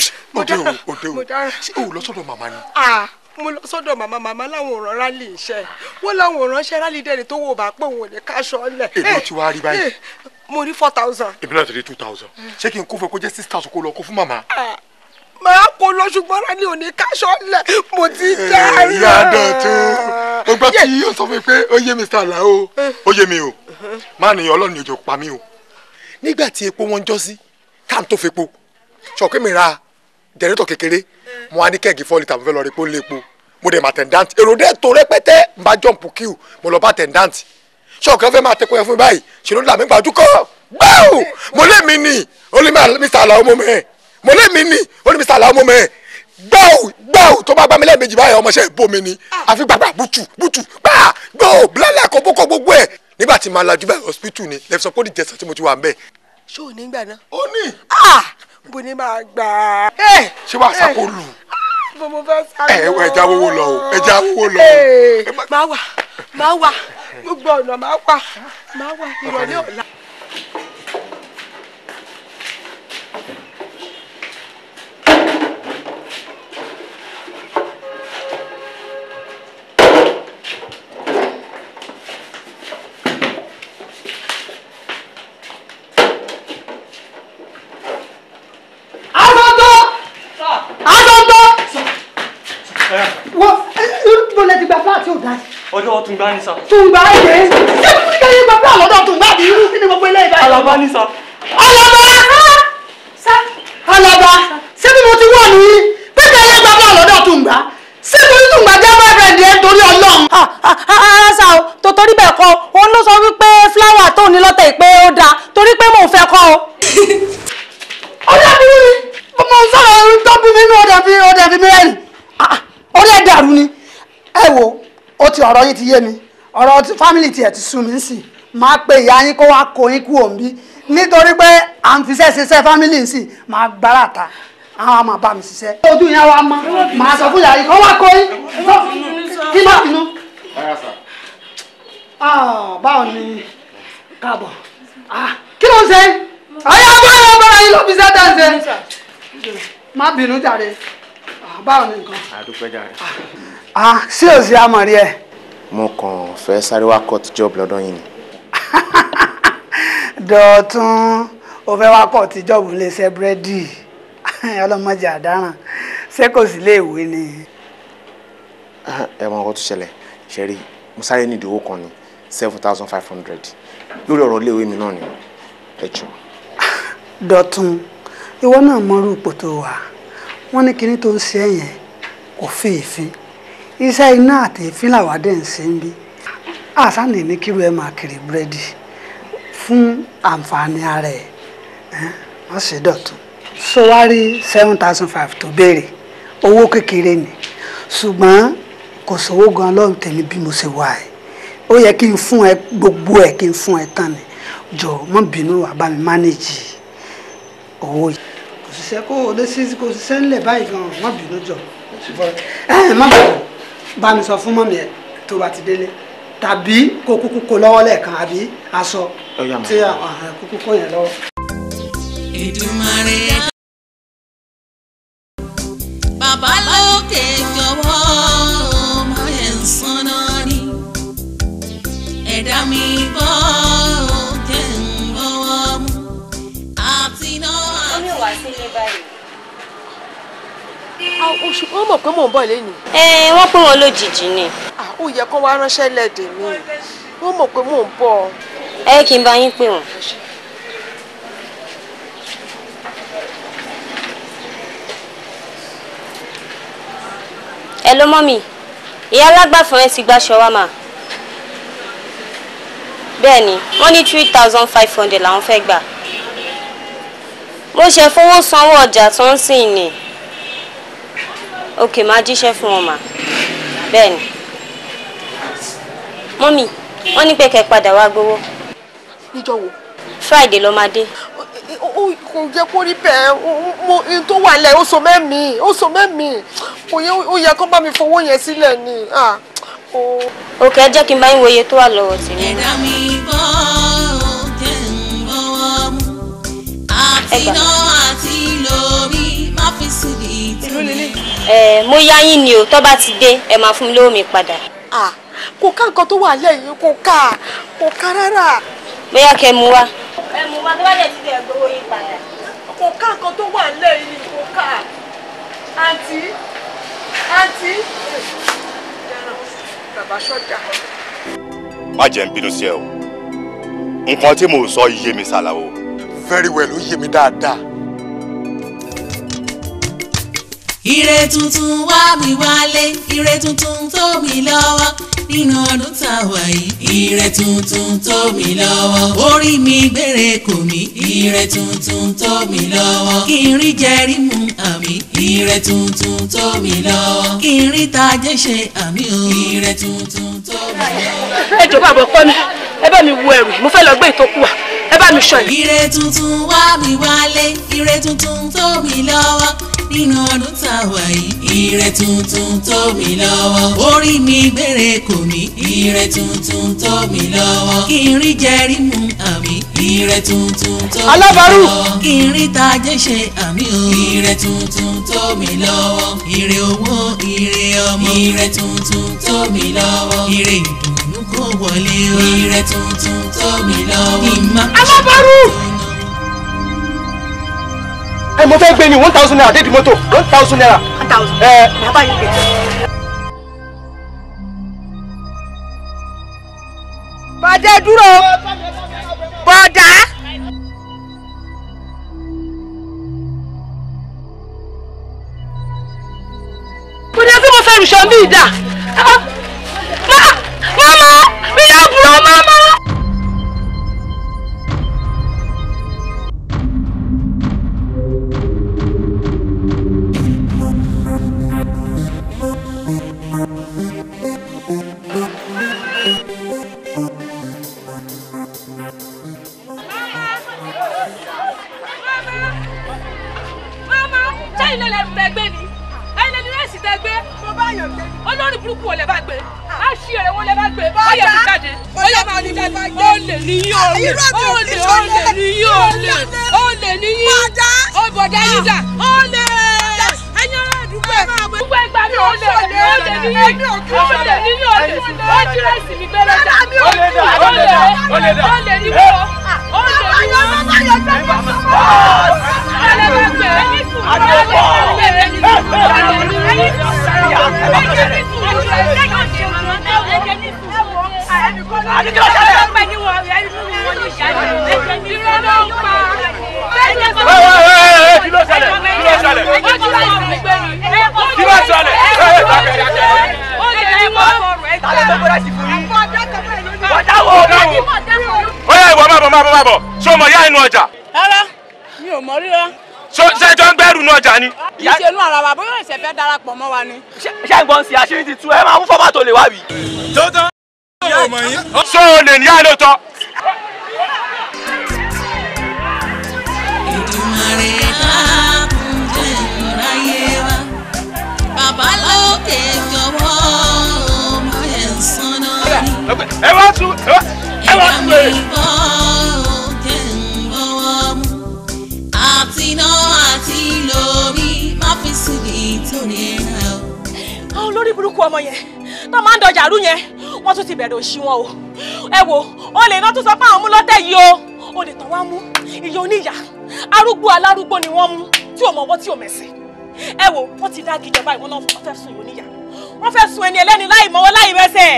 mo dára mo dára. ṣé o lọ sọ́dọ̀ màmá ni. Ah mo lọ sọ́dọ̀ màmá màmá láwọn ò rálì iṣẹ́ wọ́n láwọn ò ránṣẹ́ rálì dẹ́ni tó wò bá pé òun ò ní káṣọ lẹ̀. èmi náà ti wá rí báyìí. Eh, mo rí four thousand. èmi náà ti rí two thousand. ṣé kí n kó fún ẹ kó jẹ́ six thousand kó lọ kó fún màmá. Ah, màá kó lọ ṣùgbọ́n rálì ò ní káṣọ lẹ̀ mo ti eh, já rí. ìyá dọ̀tún mo gbà tí yóò sọ fún mi pé ó yé mi sàlá o eh. ó yé mi o uh-huh. má nìyẹn ọlọ́run ìjọ pa mí o. nígbà tí epo wọn jọ sí káà mo wá ní kẹ́ẹ̀gì four litre mo fẹ́ lọ rí pé ó lépo mo dẹ̀ mà tẹ̀ndáǹtì èrò dẹ́ tó rẹpẹtẹ n bá jọ̀mpù kíw mo lọ bá tẹ̀ndáǹtì ṣọ́ọ̀kan fẹ́ máa tẹ́kọ̀ yẹn fún mi báyìí ṣe ló dà mí gbàdú kọ́ gbáù mo lé mi nì ó lé mr alao mo mẹ́ mo lé mi nì ó lé mr alao mo mẹ́ gbáù gbáù tó bá gbá mi lẹ́ẹ̀mejì báyìí ọmọọṣẹ́ ìbomi ni àfi gbàgbà bùtù bùtù gbà gbáù bílálà kọ́kọ́ gbogbo ẹ̀ nígbà tí màá lajú báyìí hospital ni lẹ́fisọ́pọ̀ dìjẹ́sán tí mo ti wà ń bẹ̀. ṣé ò ní gbà náà. ó ní. Ah! bó ni máa gbà á. Eh, ṣé wàá sàkólù. mo mo fẹ́ sá eh, lọ. ẹ ẹja wowó lọ o ẹja wowó lọ o. Eh, máa wà máa wà gbogbo ọ̀nà máa wà máa wà ìrọ̀lẹ́ ọ̀la. ọjọ́ tùngbà ni sà. tùngbà yẹ ṣé mo ní káyé gbàgbé àlọ́dọ̀ tùngbà bí irú kí ni gbogbo ilé ìbáyìí. alaba ni sa. alaba Sa? alaba ṣé bí mo ti wọ̀ ní pé káyé gbàgbé àlọ́dọ̀ tùngbà ṣé mo ní tùngbà jẹ́ boyfriend ẹ̀ torí ọlọ́run. ara ah, ah, ah, sá o tó torí bẹ́ẹ̀ kọ́ òun ló sọ wípé fúláwà tó ní lọ́tẹ̀ pé ó dáa torí pé mò ń fẹ́ kọ́ o. ọ̀dà bí mi mo sọ̀rọ̀ tó bí mi ní ọ̀dà bí ọ̀dà bí mi rẹ̀ ni ọ̀dà dàrú ni ẹ wo ó ti ọ̀rọ̀ yín ti yé mi ọ̀rọ̀ fámìlì tiẹ̀ ti sú mi si sìn máa pe ìyá yín kó wá kó yín kú òǹbí nítorí pé à ń fiṣẹ́ ṣiṣẹ́ fámìlì ń máa gbára ta àwọn àmọ̀ bá mi ṣiṣẹ́. ojú yẹn wá mọ́ màá sọ fún ìyá yín kó wá kó yín kí má bínú. báwo ni káàbọ̀ kí ló ń ṣe ọ̀yá báyọ̀ ọgbọ́n yín ló fi ṣẹ́ tẹ̀ ṣe má bínú jàre báwo ni nǹkan. àdúpẹ́ jàre. ah ṣé o sì àmọ̀ rí ẹ. mo kàn fẹ́ sáré wá court job lọ́dọ̀ yìí ni. dọ̀tún o fẹ́ wá court job léṣẹ́ búrẹ́dì ọlọ́mọdé àdáràn ṣé kò sí léèwé ni. ẹ mọ ọkọ tó ṣẹlẹ̀ ṣẹrí mo sáré ní ìdíwó kan ní seven thousand five hundred lórí ọ̀rọ̀ iléèwé mi náà ni ẹ jù. dọ̀tún ìwọ náà mọrú ipò tó wà wọ́n ní kinní tó ń ṣe ẹ̀yẹn kò fèèfin iṣẹ́ iná àti fílàwádé ń ṣe ń bí àṣàní ní kí wẹ́ẹ́ máa kiri búrẹ́dì fún àǹfààní ara ẹ̀ wọ́n ṣe dọ̀tún so seven thousand five tó béèrè owó kékeré ni ṣùgbọ́n kò sówó gan lọ́run tèmi bí mo ṣe wà ẹ̀ ó yẹ kí n fún ẹ gbogbo ẹ kí n fún ẹ tán ni jọ mọ́ bínú wá mánéjì owó yìí kò ṣiṣẹ́ kó o lé sí kò ṣiṣẹ́ ńlẹ̀ báyìí gan mọ́ bínú jọ ẹ má bọ̀ bá mi sọ fún mọ̀mí ẹ tó bá ti délé tàbí kó kúkú kó lọ́wọ́ lẹ́ẹ̀kan àbí aṣọ tí kúkú kó yẹn lọ́wọ́. bàbá lókè jọ̀wọ́ máa yẹn sán náà ni ẹ̀dá mi bọ́. Ah, oṣù wọn mọ̀ pé mò ń bọ̀ lẹ́nu. ẹ wọ́n pé wọn lójijì ni. Ah, ó yẹ kó wá ránṣẹ́ lẹ́dẹ̀ mi wọ́n mọ̀ pé mò ń bọ̀. ẹ kí n bá yín pè wọ́n. ẹ ló mọ́ mi ìyá alágbàfọ̀ ẹ ti gbàṣọ wa mà bẹ́ẹ̀ ni wọ́n ní three thousand five hundred làwọn fẹ́ gbà mo ṣe fowó sanwó ọjà tó ń sìn ni ok máa jíṣẹ́ fún wọn mà bẹ́ẹ̀ ni mọ́mì wọ́n ní pé kẹ́ padà wá gbowó. níjọ́ wo. friday ló máa dé. ó kò yẹ kó rí bẹ́ẹ̀ mo n tó wà lẹ̀ ó sọ mẹ́mì ó sọ mẹ́mì ó yẹ kó bá mi fowó yẹn sílẹ̀ ni. Ah, ok ẹ jẹ́ kí n bá yín wo iye tó wà lọ́wọ́ sí ẹ̀dá mi bọ́. mo yá yín ni o tó bá ti dé ẹ máa fún mi lówó mi padà. kò ká nǹkan tó wà lẹ́yìn kò ká kò ká rárá. bóyá kẹ mu wá. ẹ mu wá tó bá dẹ̀ ti dẹ̀ gbowó yín padà. kò ká nǹkan tó wà lẹ́yìn kò ká àǹtí àǹtí. má jẹ́ ń bínú sí ẹ o nǹkan tí mo sọ yé mi ṣàlàó. very well ó yé mi dáadáa ire tuntun wá mi wálé ire tuntun tó mi lọ́wọ́ nínú ọdún tá a wà yìí. ire tuntun tó mi lọ́wọ́ orí mi gbére kò mí. ire tuntun tó mi lọ́wọ́ kí n rí jẹrí mu àmì. ire tuntun tó mi lọ́wọ́ kí n rí tajé ṣe àmì o. ire tuntun tó mi lọ́wọ́. ẹ jọ̀ọ́ bàbá ọkọ mi ẹ bá mi wo ẹrù mo fẹ́ lọ gbé ìtọ́kù wá ẹ bá mi sọ ire tuntun wá mi wálé ire tuntun tó mi lọ́wọ́ nínú ọdún tá a wà yìí ire tuntun tó mi lọ́wọ́ orí mi gbére kò mí ire tuntun tó mi lọ́wọ́ kí n rí jẹ́rí mu àmì ire tuntun tó mi lọ́wọ́ kí n rí tajé ṣe àmì o ire tuntun tó mi lọ́wọ́ ire owó ire ọmọ ire tuntun tó mi lọ́wọ́ ire ìdùnnú kó wọlé o ire tuntun tó mi lọ́wọ́. alábàárù ẹ mo fẹ́ gbé ni one thousand naira déèdì mọ́tò one thousand naira. one thousand ẹ bàbá yìí gbé. bọ̀dẹ̀ dúró bọ̀dà. kò ní ẹ kí mo fẹ́ rìṣọ́ bí ìdá. olórí burúkú wo lè bá gbé aṣèrè wo lè bá gbé báyọ̀ mi jáde báyọ̀ mi jáde ó lè ní yí ó lè ó lè ó lè ní yí ó lè ó lè ní yí ó bọ̀dá yín dà ó lè ẹ̀yin ará àdúgbò àdúgbò ẹgbà mi ó lè ó lè ní yí ó lè ní yí ó lè ó jí rẹ́sì mi gbẹ́rẹ́ dà ó lè dà ó lè dà ó lè ní yí ó lè ní yí ó ọjà. ọjà wo. ó yẹ ìwọ má bọ̀ má bọ̀ má bọ̀ ṣé o mọ̀ yá inú ọjà. rárá mi ò mọ̀ rírọ́. ṣé jọ ń gbẹ́rù ní ọjà ni. kì í ṣe inú ara wa bóyá ẹ̀sẹ̀ fẹ́ darapọ̀ mọ́ wa ni. ṣé ìgbọ́n sí àṣírí ti tú ẹ máa mú fọ́mà tó lè wá wí. tó tán yóò mọ̀ yín. ṣé o lè ní àlọ́ tọ́. Èdùmàrè dákun jẹ́ ìráyé wa bàbá lókè jọ̀wọ́ ọmọ ẹ̀ ń sanná ni. ẹ wá tún ẹ wá tún lè. nítorí ra o. àwọn olórí burúkú ọmọ yẹn tó máa ń dọjà àrú yẹn wọ́n tún ti bẹ̀rẹ̀ òṣì wọn o ẹ wo olè náà tún sọ pé àwọn mú lọ́tẹ̀ yìí o olè tán wá mú ìyá oníyà arúgbó alárúgbó ni wọ́n mú tí ò mọ ọwọ́ tí ò mẹsẹ̀ ẹ wo wọ́n ti dági ìjọba ìwọ́n náà wọ́n fẹ́ sun ìyá oníyà wọ́n fẹ́ sun ẹni ẹlẹ́ni láì mọ́wọ́ láì mẹsẹ̀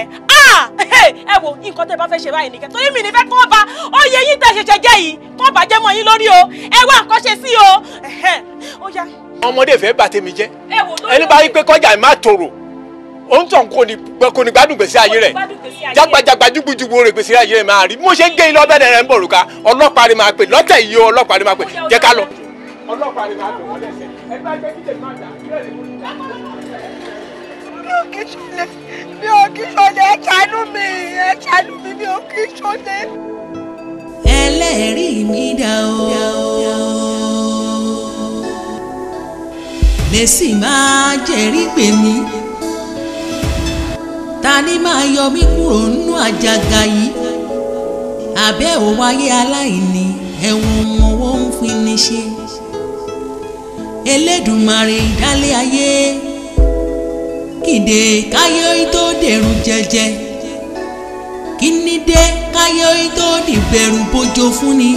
ẹ wo nǹkan tẹ́ bá fẹ́ ṣe báyìí nìkẹ́ torí mi ní fẹ́ kọ́ ba oyè yín tẹ̀ ṣẹ̀ṣẹ̀ jẹ́ yìí kọ́ bàjẹ́ mọ́ yín lórí o ẹ wá nǹkan sí o ó yá ọmọdé fẹ́ bà tèmi jẹ́ ẹni bá rí pé kọjá má tòrò òun tàn kò ní gbádùn gbèsè ayé rẹ̀ jágbajàgba júgbujùgbu rẹ̀ gbèsè ayé rẹ̀ máa rí mo ṣe ń gé ilé ọbẹ̀ rẹ̀ ń bọ̀ rúkà ọlọ́pàá rẹ̀ máa pè lọ́tẹ̀ yìí ọlọ́pàá rẹ̀ máa pè jẹ́ ká lọ. mi ò kí ṣọlẹ mi ò kí ṣọlẹ ẹ ṣàánú mi ẹ ṣàánú mi mi ò kí ṣọlẹ. ẹlẹ́rìí mi dà o lè sì máa jẹ́rìí pè mí ta ni máa yọ mí kúrò nínú àjàgà yìí àbẹ́ ò wáyé aláìní ẹ̀wọ̀n ọwọ́ ń fi ni ṣe Elédùmarè ìdálé ayé kìdè káyé tó dẹ̀rù jẹjẹ kíní dé káyé tó dìbẹ̀rù bójó fúnni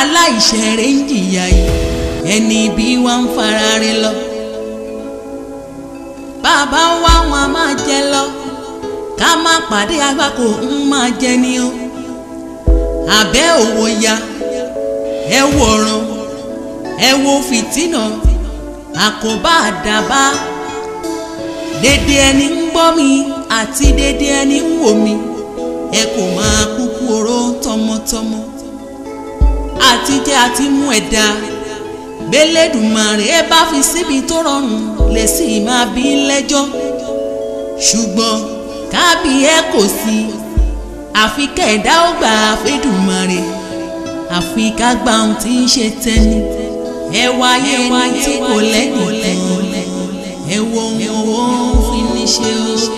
aláìṣẹ̀ rẹ̀ ń jìyà yìí ẹni bí wà ń fara rẹ lọ bàbá wa wọn a máa jẹ lọ ká má pàdé agbáko ń máa jẹ ni o àbẹ́ òwò ya ẹ wo ọ̀ràn ẹ wo fìtínà àkóbá àdàbá dédé ẹni ń gbọ́ mi àti dédé ẹni ń wò mí ẹ kò máa kúkú oró tọmọtọmọ àti jẹ àti mú ẹ̀dá. E bẹ́lẹ́dùmarè ẹ bá fi síbi tó rọrùn lè sì máa bí lẹ́jọ́ ṣùgbọ́n kábí ẹ kò sí àfi kẹ̀dá ó gbà fẹ́dùmarè àfi ká gba ohun tí ń ṣe tẹni ẹ wáyé ẹni tí kò lẹ́nìkan ẹ wo ohun owó fi ní ṣe o.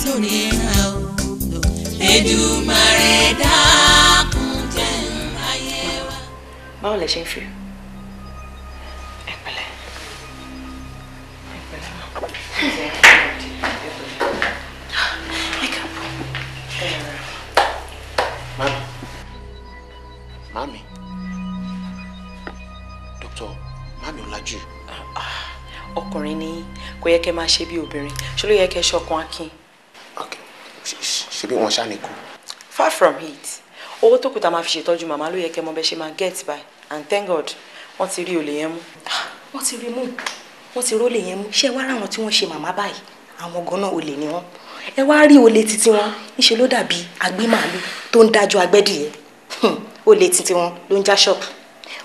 tó nira o Èdùmàrè dákun jẹ́ n ráyé wá. báwo lẹ ṣe ń fi ọkùnrin ni kò yẹ kẹ́ máa ṣe bí obìnrin ṣé ló yẹ kẹ́ ṣọkan akin pé wọ́n ṣáà ní kú. far from it owó tó kù tá a máa fi ṣètọ́jú màmá ló yẹ kẹ́ mọ bẹ́ẹ̀ ṣe máa get by and thank God wọ́n ti rí olè yẹn mú. wọ́n ti rí mú wọ́n ti rólè yẹn mú ṣé wàá ráwọn tí wọ́n ṣe màmá báyìí àwọn gan-an olè ni wọ́n ẹ wá rí olè títí wọn níṣẹ́ ló dàbí agbémàálù tó ń dájọ́ agbẹ́dìyẹ olè títí wọn ló ń já ṣọ́ọ̀bù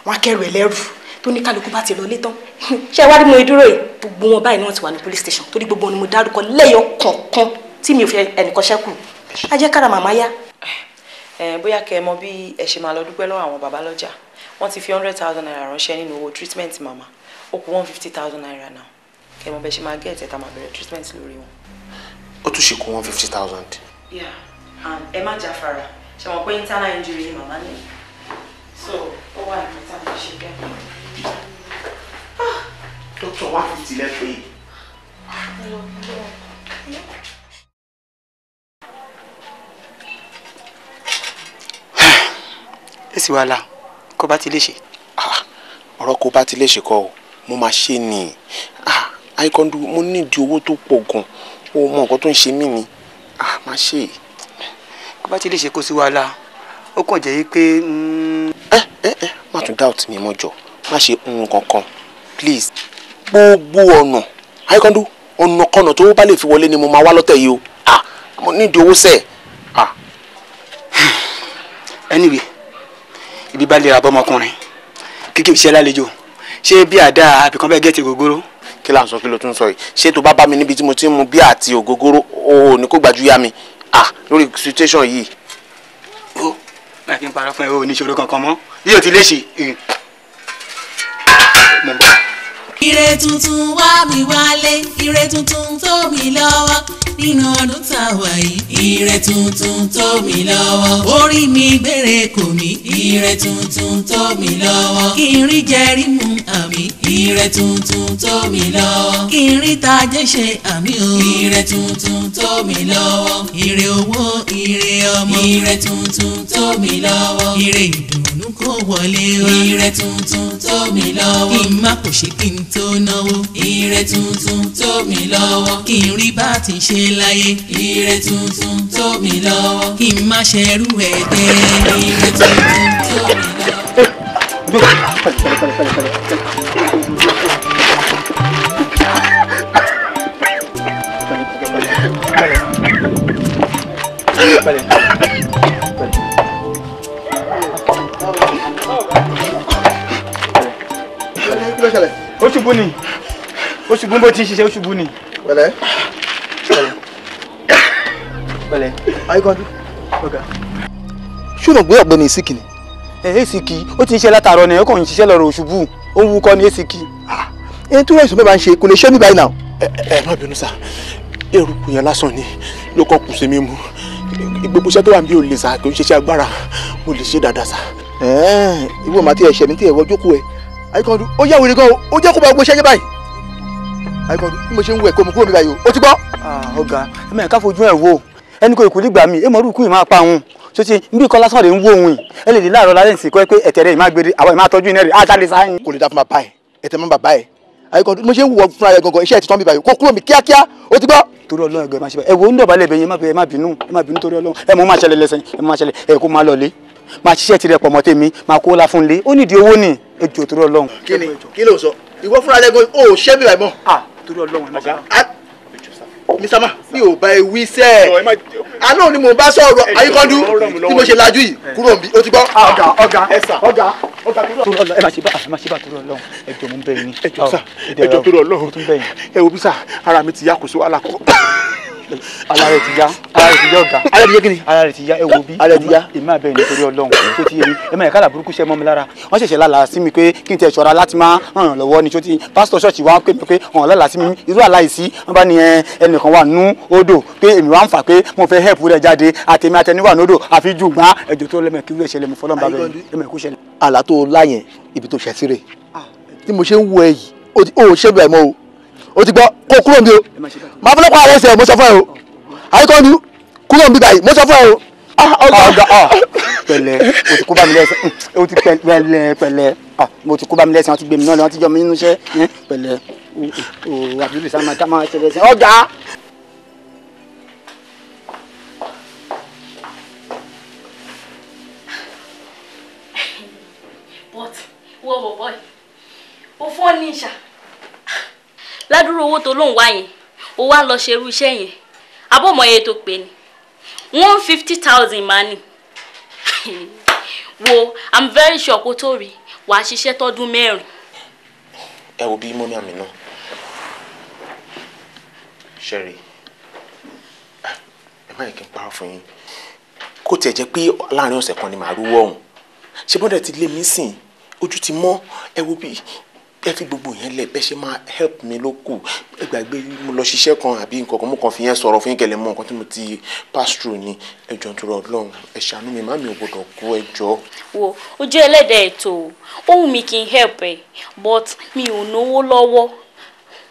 wọn akẹ́rù ẹlẹ́rù tó ní kálukú bá ti lọ lé tán ṣé ẹ wá rí mo dúró yìí gbogbo wọn báyìí ni wọ́n ti wà ní police station torí gbogbo wọn ni mo dárúkọ lẹ́yọ kọ̀ọ̀kan tí mi ò fẹ́ ẹnìkan ṣẹ́kù a jẹ́ kára màmá yá. Eh, eh, bóyá kẹ́ ẹ mọ bí ẹ ṣe máa lọ dúpẹ́ lọ́wọ́ àwọn bàbá lọ́jà wọ́n ti fi hundred thousand naira ránṣẹ́ nínú owó treatment màmá ó kù one fifty thousand naira náà kẹ́ ẹ mọ bẹ́ẹ̀ ṣe máa gẹ̀ẹ́tẹ̀ tá máa bẹ̀rẹ̀ treatment lórí wọn. ó tún ṣe kù one fifty thousand. ẹ má jáfara ṣe mọ̀ pé internal injury ni màmá ní so ó wà ní ìtàn ṣe bẹ́ẹ̀. doctor one fifty lẹ́pẹ́ èsì wàhálà kó bá ti lè ṣe. Ah, ọ̀rọ̀ kó bá ti lè ṣe kọ́ ọ mo máa ṣe ni àìkọ́ndù ah, mo nídìí owó tó pọ̀ gan o mọ nǹkan tó ń ṣe mí ni ah, má ṣe. kó bá ti lè ṣe kó sí wàhálà ó kàn jẹ́ pé. ẹ ẹ ẹ má tún doubt mi mọ́ jọ má ṣe ohun kankan please gbogbo ọ̀nà àìkọ́ndù ọ̀nà kọ̀nà tó bá lè fi wọlé ni mo máa wá lọ́tẹ̀ yìí o mo nídìí owó sẹ́ẹ̀. anyway ibi bá lè ra bọ́mọkùnrin kíkì ṣe lálejò ṣé bí àdá àbíkan bẹ́ẹ̀ gẹ̀ẹ́tì gògóró. kí là ń sọ kí ló tún sọ yìí ṣé tó bá bá mi níbi tí mo ti ń mu bí àti ògógóró o ní kó gbàjúyà mi ah lórí situation yìí. ó máa fi ń parọ́ fún ẹ o ò ní ìṣòro kankan mọ́ yóò ti léṣe. Eh, ire tuntun wá mi wálé ire tuntun tó mi lọ́wọ́ nínú ọdún tá a wà yìí. ire tuntun tó mi lọ́wọ́ orí mi gbére kò mí. ire tuntun tó mi lọ́wọ́ kí n rí jẹ rí àmì. Ire tuntun tó mi lọ. Kí n rí tajé ṣe àmì o. Ire tuntun tó mi lọ́wọ́. Ire owó ire ọmọ. Ire tuntun tó mi lọ́wọ́. Ire ìdùnnú kó wọlé wá. Ire tuntun tó mi lọ́wọ́. Kí n má kò ṣe kí n tó náwó. Ire tuntun tó mi lọ́wọ́. Kí n rí bá ti ṣe láyé. Ire tuntun tó mi lọ́wọ́. Kí n má ṣerú ẹ̀dẹ́. Ire tuntun tó mi lọ́wọ́ pẹ̀lẹ́ pẹ̀lẹ́ pẹ̀lẹ́ pẹ̀lẹ́ pẹ̀lẹ́. Pẹ̀lẹ́ ti ń ṣiṣẹ́ ó ni. Pẹ̀lẹ́. Pẹ̀lẹ́. Pẹ̀lẹ́. Ayíkọ́jú. Ṣé ọ̀gbẹ́ni ìsìnkì ni? èsìkì eh, ó ti ń ṣe látàárọ̀ ni ó kàn ń ṣiṣẹ́ lọ́rọ̀ òṣùbù ó ń wúkọ́ ní èsìkì. Ah, ẹni tó rẹ̀sùn mẹ́ta ń ṣe kò lè ṣe mí báyìí náà. ẹ ẹ má bínú sá eruku yẹn lásán ni ló kọ́ kù sí mi mu gbogbo iṣẹ́ tó wà ń bí o lè sá kò ń ṣiṣẹ́ agbára mo lè ṣe dáadáa sá. ìwọ màá ti ẹ̀ṣẹ̀ mi ti ẹ̀wọ́ jókòó ẹ̀ àyíkọ́dù ó yà wèrè gan o ó jẹ́ kó bá gbé iṣẹ́ yẹn báyìí àyíkọ́dù bí mo ṣe ń wẹ̀ kó mo kúrò mi o ti gbọ́. Ah, ọ̀gá ẹ̀mẹ̀ká fojú ẹ̀ wò ẹni kò ìkú dìgbà mi èèmọ̀ orúkú yìí máa pa òun tó ti ń bí ikọ́ lásán ń wó òun ẹ lè dé láàárọ̀ lálẹ́ ìsìn kọ́ pé ẹ̀tẹ̀ rẹ̀ ìmáa gbére àwọn ìmáa tọ́jú iná rẹ̀ ájá lè sáyìn. kò lè dá fún bàbá ẹ ẹ̀tẹ̀ mọ́ bàbá ẹ àyíkọ́ mo ṣe ń wọ fúnra rẹ gangan iṣẹ́ ti tán bí báyìí kó kúrò mí kíákíá ó ti gbọ́. torí Ọlọ́run ẹgbẹ máa ṣe báyìí ẹ wo ń dọ̀bálẹ̀ ẹ̀bẹ̀ yẹn má bínú ẹ má bínú torí Ọlọ́run ẹ mọ máa ṣẹlẹ̀ lẹsẹ ẹ mọ máa ṣẹlẹ̀ ẹ kó máa lọ lé máa ṣiṣẹ́ tirẹ̀ pọ̀ mọ́ tèmi máa kó la fún lé ó nídìí owó ni ejò torí Ọlọ́run. kí ni kí ló sọ ìwọ fúnra rẹ gan o ṣẹ́ mi báyìí mọ́. ah torí Ọlọ́run ẹ má ṣe mísàmá mi ò bá ewì sẹ́ ẹ̀ àná ni mò ń bá sọ̀rọ̀ ayíkọ́dú tí mo ṣe lajú yìí kúrò nbí o ti gbọ́. Ah, ọ̀gá ọ̀gá ọ̀gá ọ̀gá tó rọ̀ ẹ máa ṣe bá ẹ máa ṣe bá tó rọ̀ lọ́hùn ẹjọ́ mo ń bẹ̀ yín. ẹjọ́ sà ẹjọ́ tó rọ̀ lọ́hùn ẹ wo bí sà ara mi ti yá kò sí wàhálà kọ́. ara rẹ ti yá ara rẹ ti yá ọgá ara rẹ ti yá kíni ara rẹ ti yá ẹ wo bí ara rẹ ti yá èmi àbẹ nítorí Ọlọ́run tó ti yé mi ẹ máa kálà burúkú ṣe mọ́ mi lára wọ́n ṣẹ̀ṣẹ̀ lálàá sí mi pé kí n tẹ ṣọ́ra láti máa ràn án lọ́wọ́ ni tó ti pásítọ̀ ṣọ́ọ̀ṣì wa pè mí pé ọ̀hún lálàá sí mi irú àláìsí wọ́n bá ní ẹnìkan wà nú odò pé èmi wà ń fà pé mo fẹ́ hẹ́ẹ̀pù rẹ̀ jáde àtẹ̀mí àtẹniwà nodò àfi jù gbá ẹjọ́ tó lẹ́mẹ̀ kí wíwẹ̀ ṣẹlẹ̀ mi fọlọ́n ah. o mọ́ o o ti gbọ́ o màá fọlọ́pàá àwọn ẹsẹ̀ mo sọ fún ẹ o àyíkọ́ni kúrò níbi báyìí mo sọ fún ẹ o. Ah, ọgá ah, pẹ̀lẹ́ o ti kú bá mi lẹ́sẹ̀ o ti pẹ̀lẹ́ pẹ̀lẹ́ ah, mo ti kú bá mi lẹ́sẹ̀ wọn ti gbé mi náà lọ wọn ti jọ mi nínú iṣẹ́ hm, pẹ̀lẹ́ o àbílù sáà máa máa ṣe lẹ́sẹ̀ ọgá. but wọ́n bọ̀ bọ́ọ̀ ládùúrò owó tó lóun wá yẹn o wá lọ ṣerú iṣẹ́ yẹn abómọye tó pè ní one fifty thousand máa ní wo i'm very sure kó tó rí wàá ṣiṣẹ́ tọ́dún mẹ́rin. ẹ wo bí mọ́mí àmì náà ṣẹ́rí ah, ẹ má yẹ kí n parọ́ fún yín kó tiẹ̀ jẹ́ pé láàrin ọ̀sẹ̀ kan ni màá rúwọ́ ọ̀hún ṣé bọ́dẹ̀ ti lé mi sìn ojú ti mọ́ ẹ wo bí ẹ fi gbogbo yẹn lẹ bẹ ṣe máa help mi ló kù ẹ gbàgbé mo lọ ṣiṣẹ́ kan àbí nǹkan kan mo kàn fi yẹn sọ̀rọ̀ fún ìkẹlẹ̀ mọ́ nǹkan tí mo ti pass through ni ẹ jọ̀ọ́ nítorí ọlọ́run ẹ ṣàánú mi má mi ò gbọdọ̀ kú ẹ wo ojú ẹlẹ́dẹ̀ ètò ohun mi kì í help ẹ but mi ò náwó lọ́wọ́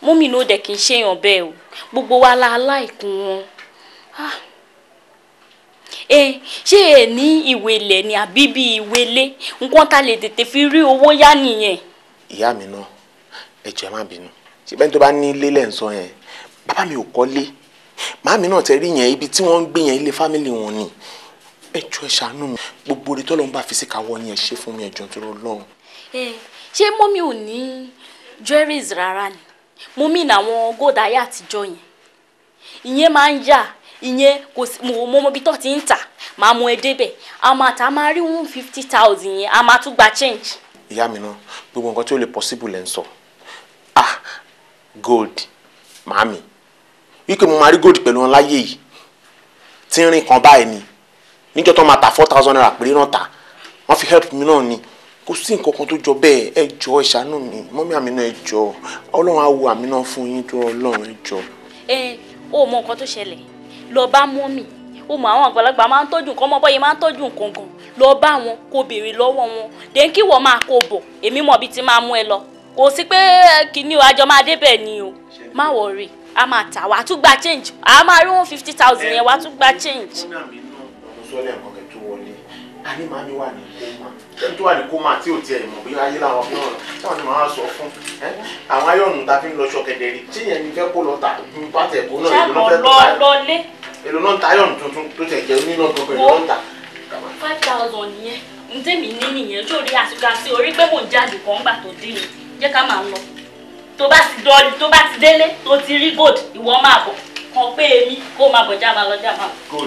mummy no dẹ̀ kì í ṣèyàn bẹ́ẹ̀ o gbogbo wa la aláìkún wọn ah. ẹ ṣé ẹ ní ìwé ilẹ̀ ni àbí bíi ìwé ilé nǹkan ta lè tètè fi rí owó yá nìyẹn ìyá mi náà ẹ jẹ́ má bínú ṣé bẹ́ẹ̀ tó bá ní ilé lẹ́ ń sọ yẹn bàbá mi ò kọ́lé màámi náà tẹ́ rí yẹn ibi tí wọ́n ń gbé yẹn ilé fámìlì wọn ni ẹ jọ ẹ ṣàánú mi gbogbo orí tọ́lọ́run bá fi sí káwọ́ ni ẹ ṣe fún mi ẹ jọ tó lọ lọ́run. ẹ ṣé mọ́mí ò ní jewelries rárá ni mo mí làwọn gold ayé àtijọ́ yẹn ìyẹn máa ń yà ìyẹn kò sí mo mọ ibi tó ti ń tà màá mú ẹ débẹ̀ àmọ́ àtà one fifty thousand yẹn a máa tún gba change ìyá mi náà gbogbo nǹkan tí ó lè possible lẹ́ ń sọ ah gold màámi wípé mo máa rí gold pẹ̀lú wọn láyé yìí tí ń rìn kan báyìí ni níjọ́ tó máa ta four thousand naira péré náà ta wọ́n fi help mi náà ni kò sí nǹkan kan tó jọ bẹ́ẹ̀ ẹ jọ ẹ ṣàánú mi mọ́mí àmì náà ẹ jọ ọlọ́run á wo àmì náà fún yín tó ọlọ́run ẹ jọ. ẹ o mọ nǹkan tó ṣẹlẹ̀ lọ bá mọ́mì ó mọ àwọn àgbàlagbà máa ń tọ́jú nǹkan ọmọ máa ń tọ́jú nǹkan gan lọ bá wọn kó béèrè lọ́wọ́ wọn dẹ́n kí wọ́n máa kó bọ̀ èmi mọ̀ bí ti máa mú ẹ lọ kò sí pé kìíní o àjọ máa débẹ̀ ni o má wọ̀rì a máa tà wá tún gba change a máa rí one fifty thousand yẹn wá tún gba change. Ani maa mi wà ní kóma. Ṣé tí ò tiẹ̀ mọ̀ bí ayé làwọn fi hàn? Táwọn ni màá sọ fún. Àwọn ayọ̀nù ta fi ń lọ ṣọ̀kẹ̀dẹ̀ rí. Ṣé yẹn fẹ́ kó lọ tà? Bàtẹ̀ kó náà ìlú náà fẹ́ tó èlò náà ta ayọ̀nù tuntun tó tẹ̀ jẹ́ oníná tó pẹ̀lú náà ta. five thousand yẹn ń tẹ̀mí ní nìyẹn sórí àsìkò àti orí pé mò ń jáde kan gbà to dín ní jẹ́ ká máa lọ tó bá ti dọ́ọ̀lì tó bá ti délé tó ti rí gold ìwọ máa bọ̀ kàn pé èmi kó máa bọ̀ já máa lọ já máa bọ̀.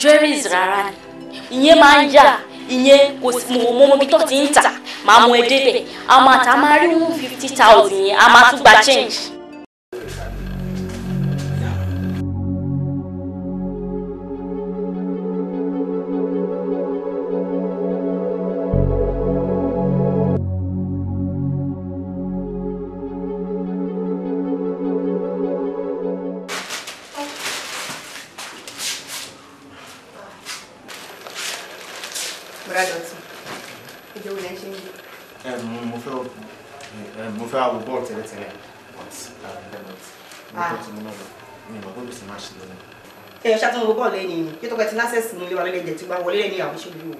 jewelries rárá ni ìyẹn máa ń yà ìyẹn kò mọ̀ mọ́ bí tó ti ń tà máa mọ ẹ débẹ̀ àmọ́ àtà máa rí one fifty thousand yẹn a máa tún gba change. ẹ ṣáà tún gbọ́ lẹ́yìn ni yóò tó pẹ́ ti lásẹ̀sì nílé wa lẹ́lẹ́jẹ̀ tí wọ́n wọlé lẹ́yìn àbí ṣòwò òun.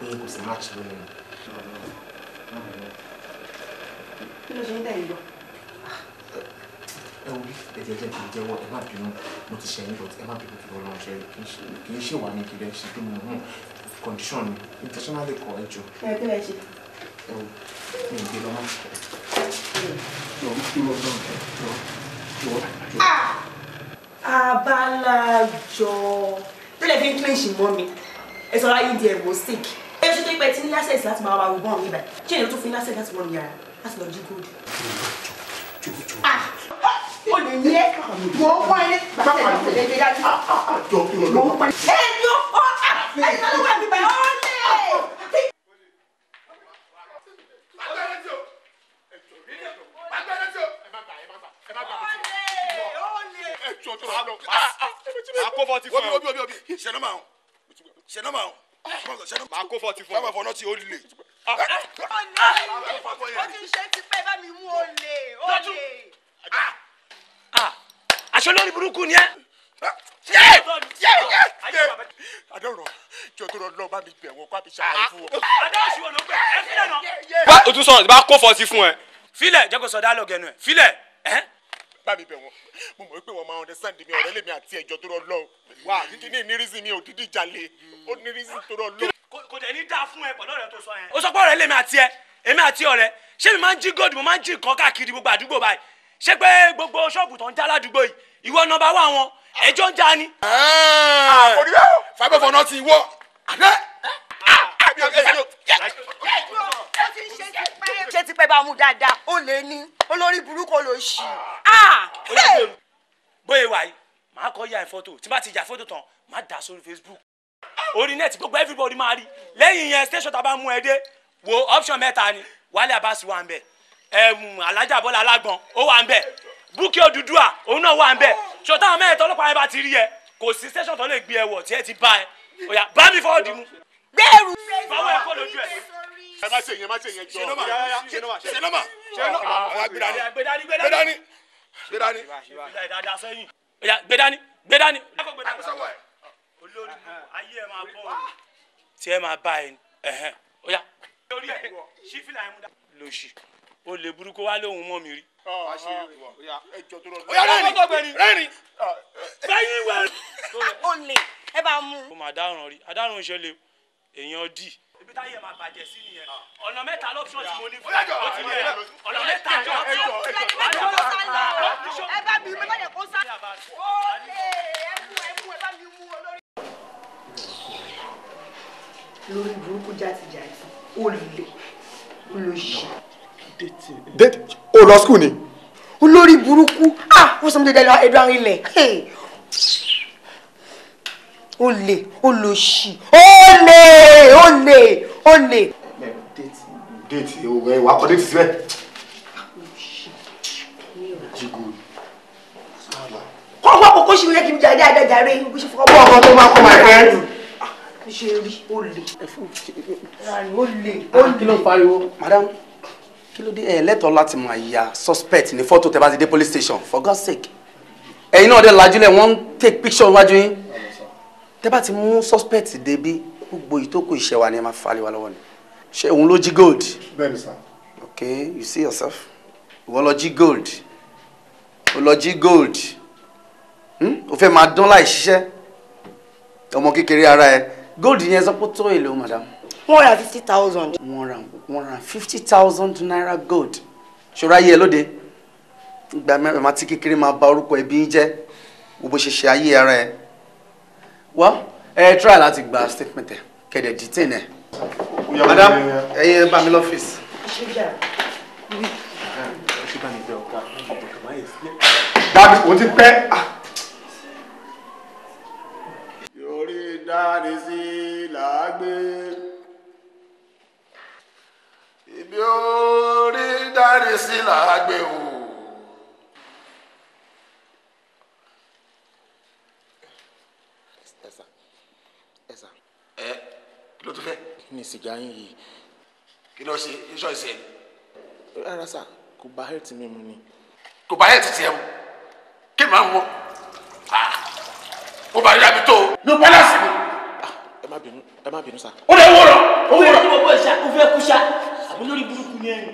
pé kò sí match lónìí. kí ló ṣe ń dẹ̀yìn bọ̀? Ah, ẹ wo ẹ̀jẹ̀ jẹ́ kí n ẹ má bínú mo ti ṣẹ̀yìn bọ̀ ẹ má bínú kí wọ́n lọ ṣe kì í ṣe wà ní kiri ṣe pé mo hmm, condition mi internationally kọ̀ ẹ jù. ẹ kí lẹ ṣe. ẹ wo mi ò gbé lọ má ṣe. lọ kí abálájọ ló lè fi ń clench mọ́ mi ẹ sọ láyé di ẹ̀wọ̀ sick ẹ ṣe tó pẹ́ tí ní access láti máa wá wọ́n mi báyìí ṣé èèyàn tó fi ní access láti wọ́n yàrá láti lọ jí gold. o ah! lè ní ẹ mọ ọ pa ẹ bàbá mi kò lè dé dájú. mọ ọ pa ẹ ah, ah, ẹ ní o ẹ ní wà níbẹ̀ ọ lè. tó tó lọ. a kó fọ́ọ̀tì fún ẹ. obi obi obi ṣe nọ́mà o ṣe nọ́mà o. màá kó fọ́ọ̀tì fún ẹ. báwa fọ́nà tí ó lè. ó ti ṣe ti pẹ́ bá mi mú o lè o lè. aṣọ lórí burúkú ni ẹ adọ́rọ̀ tí tó lọ bá mi bẹ̀ wọ́n kó a bí ṣàlàyé fún ọ. adáṣu wọn ló gbẹ ẹ fílẹ̀ náà. bá o sọ̀rọ̀ bá kó fọ́ fún ẹ. filẹ̀ jẹ́ kó sọ dáálọ̀gì ẹ̀ filẹ̀ ẹ́ bá mi bẹ̀ wọ́n mo mọ̀ pé wọ́n máa understand mi ọ̀rẹ́ lèmi àti ẹ̀jọ́ tó rọ lọ wà kíní nírísì mi ò dídì jalè ó nírísì tó rọ lọ. kò tẹ̀ ní dáa fún ẹ pẹ̀lú ọ̀rẹ́ tó sọ yẹn. ó sọ pé ọ̀rẹ́ lèmi àti ẹ èmi àti ọ̀rẹ́ ṣé mi máa ń jí góòdù mo máa ń jí nǹkan káàkiri gbogbo àdúgbò báyìí ṣé pé gbogbo ṣọ́ọ̀bù tó ń já ládùúgbò yìí ìwọ nọ́mbà wà wọn ẹjọ́ ń já ni. fàgbẹ́fọ̀ náà ti wọ́ àdé ṣé tipẹ́ bá Mu dáadáa ó lè ní olórí burúkú ló ṣì. bóyá ah! ah! wà yìí màá kọ́ ya ìfọ́tò tí bá ti ya fọ́tò tán màá dà sórí Facebook orí nẹ́ẹ̀tì gbogbo everybody máa rí lẹ́yìn yẹn station tá a bá mú ẹ dé wo option mẹ́ta ni Wálé Abbas wà ń bẹ̀ alájà Bọ́lá Alágbọ̀n ó wà ń bẹ̀ Búkì Odùduwà òun náà wà ń bẹ̀ ṣọtá àwọn mẹ́ẹ̀ẹ́tọ́ ọlọ́pàá yẹn bá ti rí ẹ kò sí station tó lè gbé ẹwọ̀ tí ẹ ti bá ẹ ó yá bá mi fọwọ́ dì mú. gbẹ́rù. báwo ẹ lójú ẹ ẹ má ṣe yẹn má ṣe yẹn jọ ṣe lọ́mà ṣe lọ́mà àwọn agbèdani gbèdani gbèdani gbèdani gbèdani. olórí ayé ẹ máa bọ̀ ọ́ tí ẹ máa bá ẹ ẹ̀hẹ́n ó yá. lórí ẹ̀ sífìlà ẹ̀ mú dá. lòṣì o lè burúkú wá lóhùn mọ́ mi rí. ó yá rẹ́rìn rẹ́rìn sẹ́yìn wẹ̀. o lè ẹ bá mú. o mà dáràn rí adáràn ṣe lè èèyàn dì ibi táyé máa bàjẹ́ sí nìyẹn ah. ọ̀nà mẹ́ta lọ́pṣọ̀n tí mo ní fún ọ ti yẹ ọ̀nà mẹ́ta lọ́pṣọ̀n. ẹ bá mi mẹ́ta kó sá. lórí burúkú jàtijàti ó lè ó lọ ṣe. déètì lọ skul ni. olórí burúkú ah wọ́n sọ mi dédé ẹ̀dọ̀ àárín ilẹ̀ olè olòṣì olè olè olè. déètì ẹ wà á kọ déètì síbẹ̀. kọ́ wá kókó ṣì wíyẹ́ kí n jàre àdájàre ibi ṣe fọwọ́. ọkọ tó máa kọ máa rẹ rù. ṣe rí olè. olè olè. kí ló ń pariwo madam kí ló dé ẹ lẹ́tọ̀ọ́ láti máa ya suspect ní fọ́tò tẹ́ bá ti dé police station for God's sake ẹ̀yin náà dé lajúlẹ̀ wọ́n ń take picture wájú yín tẹ́ bá ti mú suspect débi gbogbo ìtókò ìṣẹ̀wà ni ẹ máa falẹ̀ wa lọ́wọ́ ni ṣé òun ló jí gold. bẹ́ẹ̀ni sá. okay you see yourself ìwọ lọ jí gold o lọ jí gold hmm? o fẹ́ máa dán láì ṣiṣẹ́ ọmọ kékeré ara ẹ gold yẹn sọ pé tó èlò madam. One hundred fifty thousand. One hundred. wọ́n ra fifty thousand naira gold ṣòro ayé ẹ lóde ìgbà mẹ́rin ma ti kékeré máa bà orúkọ ẹbí jẹ́ wo ṣe ṣe ayé ara ẹ wá ẹ try láti gba statement ẹ kẹ̀dẹ̀ detain ẹ. madam ẹ yẹ bá mi lọ́fíìsì. dábì o ti pẹ́. yorí dáre sí làágbé ibi orí dáre sí làágbé o. kí ló tún fẹ́. kí ni sìgá yín yìí. kí ló ṣe iṣọ́ ìṣe. rárá sà kò bá health mi mu ni. kò bá health tiẹ̀ mu kí màá mu mo bá rí àbí tó o ẹ lọ sí mi. ẹ má bínú ẹ má bínú sà. ó lè wúrọ ó wúrọ. ó fẹ́ kí gbogbo ìṣá kó fẹ́ kú ṣá àbí lórí burúkú ni ẹnu.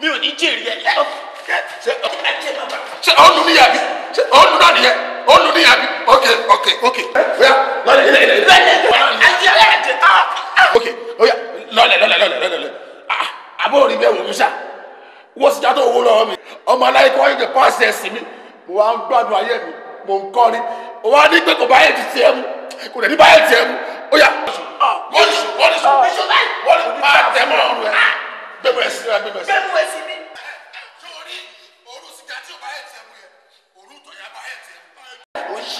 mi ò ní jèrè ẹ ṣe ọ̀nù níyàbí ṣe ọ̀nù náà nìyẹn ó lù ní àbí ok ok ok oya lọlẹ ilẹ ilẹ ilẹ àti ayé àti ah ok oya lọlẹ lọlẹ lọlẹ lọlẹ ah àbọ̀ òrì bẹ́ẹ̀ wò mí sá wọ́n sì já tó owó lọ́wọ́ mi ọmọ aláyé kí wọ́n yẹ kó pàṣẹ mi mo wá ń gbádùn ayé mi mo ń kọrin wọ́n á ní pé kò bá yẹ ti tiẹ̀ mu kò dẹ̀ ní bá yẹ tiẹ̀ mu oya wọ́n ní sùn wọ́n ní sùn wọ́n ní sùn máa tẹ̀ mọ́ ọ̀rùn ẹ̀ gbẹ̀mú ẹ̀ sí mi.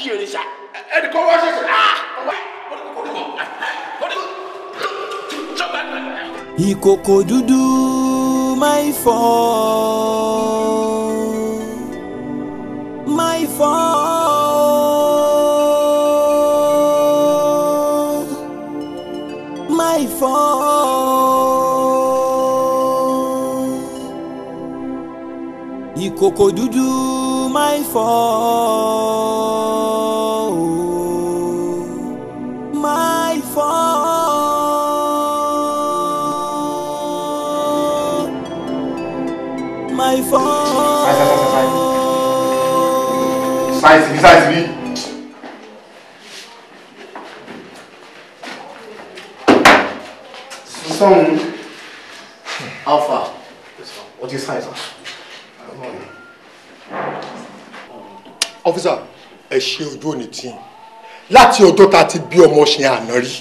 ṣí eré ṣá. ẹnì kan wá ṣẹṣẹ. ìkòkò dúdú máa ń fọ́ máa ń my fall. Ìkòkò dúdú my fall. my fault. Sáyẹ̀sì bí sáyẹ̀sì bí. Sísọ́hun Alpha what is sáyẹ̀ Officer, Ọ́físà, ẹ ṣe ojú òní tí láti ọjọ́ ta ti bí ọmọ ṣe àná rí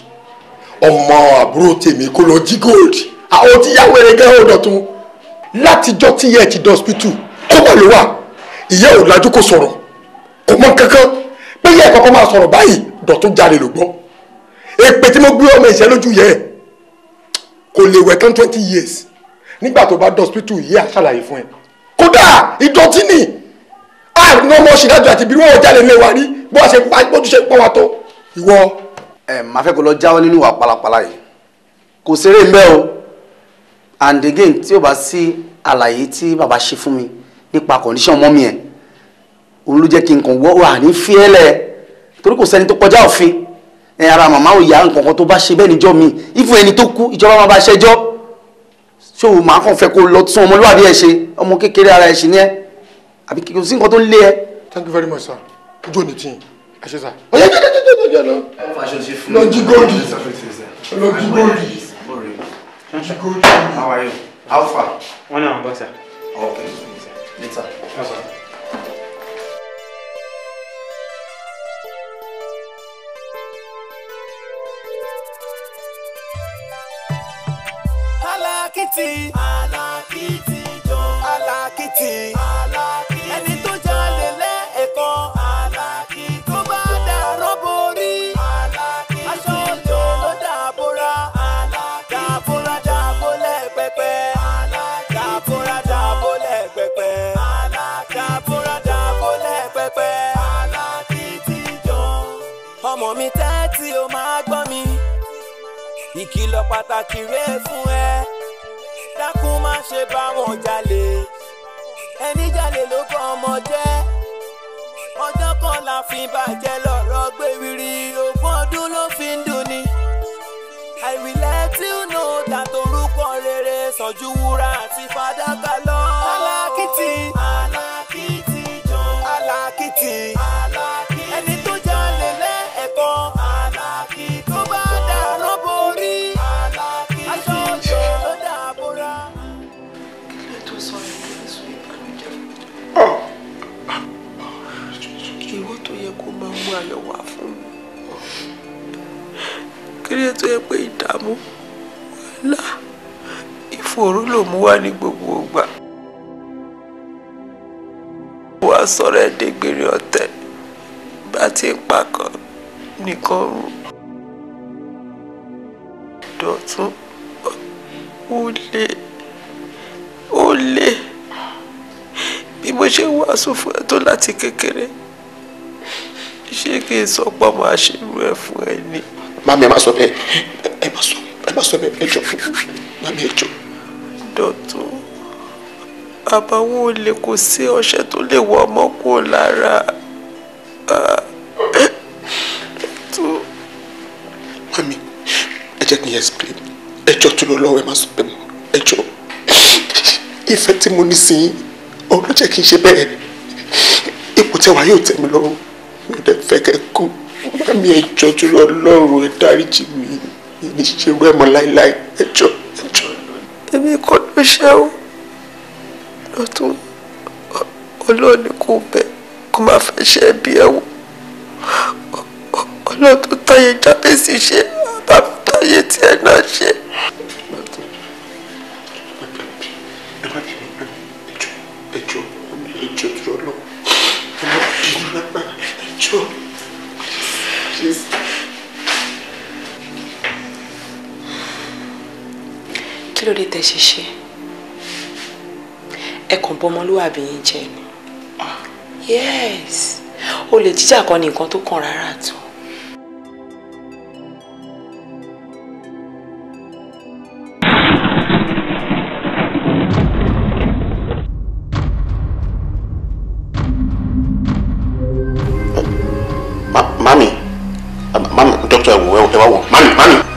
ọmọ àbúrò tèmi kó lọ jí gold àwọn tí yàwó ọ̀dọ̀ tún látijọ́ tí yẹ ti dọ́sítù kó wà ló wà ìyá ò lajú kó sọ̀rọ̀ kò mọ kankan pé yẹ kọ́kọ́ máa sọ̀rọ̀ báyìí dọ̀tún jalè ló gbọ́ èpè tí mo gbé ọmọ ìṣẹ́ lójú yẹ kò lè wẹ̀ tán twenty years nígbà tó bá dọ́sítù yìí àṣàlàyé fún ẹ kódà ìdọ̀tí ni àrùn ọmọ ṣìdájọ àti ibi wọn jalè lè wá rí bó ṣe pa bó ṣe pọ́n wa tó ìwọ. ẹ máa fẹ́ kó lọ jáwọ́ nínú ìwà pálapàla yìí kò ṣeré ń bẹ́ẹ̀ o and again tí o bá sí àlàyé tí bàbá ṣe fún mi nípa condition mọ́mí ẹ̀ òun ló jẹ́ kí n kàn wọ́ wà ní fíẹ́lẹ̀ torí kò sẹ́ni tó kọjá òfin ẹ̀ ara màmá ò yá nǹkan kan tó bá ṣe bẹ́ẹ̀ níjọ́ mi ìfún ẹni tó kú ìjọba máa bá ṣẹjọ́ ṣé o máa kàn fẹ́ kó lọ tún ọmọlúwàbí ẹ̀ ṣe ọmọ kékeré ara ẹ̀ ṣì ní ẹ àbí kò sí nǹkan tó ń lé ẹ. thank you very much sir ojú òní tí ẹ ṣe sá. ọ̀yẹ́ jẹ́jẹ́jẹ́jẹ́ lọ. lọ jí góòlì lọ jí góòlì. Good. How are you? How far? One hour, but sir. Oh, okay. Later. Yes, sir. Alakiti. Alakiti. pàtàkì rèé fún ẹ dákun má ṣe bá wọn jalè ẹni jalè ló kọ́ ọmọ jẹ́ ọjọ́ kan la fi bàjẹ́ lọ́rọ̀ gbèwìrì ogún ọdún ló fi ń dùn ni I will let you know that orúkọ rere sàn ju wúrà àti fàdákà lọ. tó yẹ pé ìdààmú wàhálà ìfòòró ló mú wá ní gbogbo ìgbà wàá sọ̀rọ̀ ẹ̀ẹ́dẹ́gbèrè ọ̀tẹ̀ bá ti ń pa kan nìkan rú dọ̀tún ó lé ó lé bí mo ṣe wàásù fún ẹ tó láti kékeré ṣé kí n sọ pé ọmọ àṣírí ẹ fún ẹ ni mami ẹ má sọ bẹ́ẹ̀ ẹ má sọ ẹ má sọ bẹ́ẹ̀ ẹ jọ mami ẹ jọ. dọ́tò àbáwò olè kò sí ọṣẹ tó lè wọ ọmọ kúrò lára tó. mami ẹ jẹ́ kí n yẹ explain ẹ jọ tó lọ lọ́wọ́ ẹ má sọ bẹ́ẹ̀ mọ́ ẹ jọ ìfẹ́ tí mo ní sí ọlọ́jẹ́ kí n ṣe bẹ́ẹ̀ ipò tẹ́wàá yóò tẹ́ mi lọ́rùn mi ò dẹ̀ fẹ́ kẹ́ kú mi ẹjọ́ tó lọ lọ́rùn ẹ dáríjì mi ní ṣe wẹ́ mọ́ láíláí ẹjọ́ ẹjọ́. èmi kọ́ ló ṣe ó lọ́tún ọlọ́ọ̀ni kò bẹ̀ kó máa fẹ́ ṣe é bí ẹ̀wọ̀ ọlọ́tún táyé jábẹ́sì ṣe àbáfi táyé tiẹ̀ náà ṣe. ẹjọ́ ẹjọ́ ẹjọ́ please. kí ló dé tẹ ṣe ṣe ẹ kàn bọmọlúwàbí yín jẹ ni ah. yes olè jíjà kan ní nǹkan tó kàn rárá tó Mal, mal.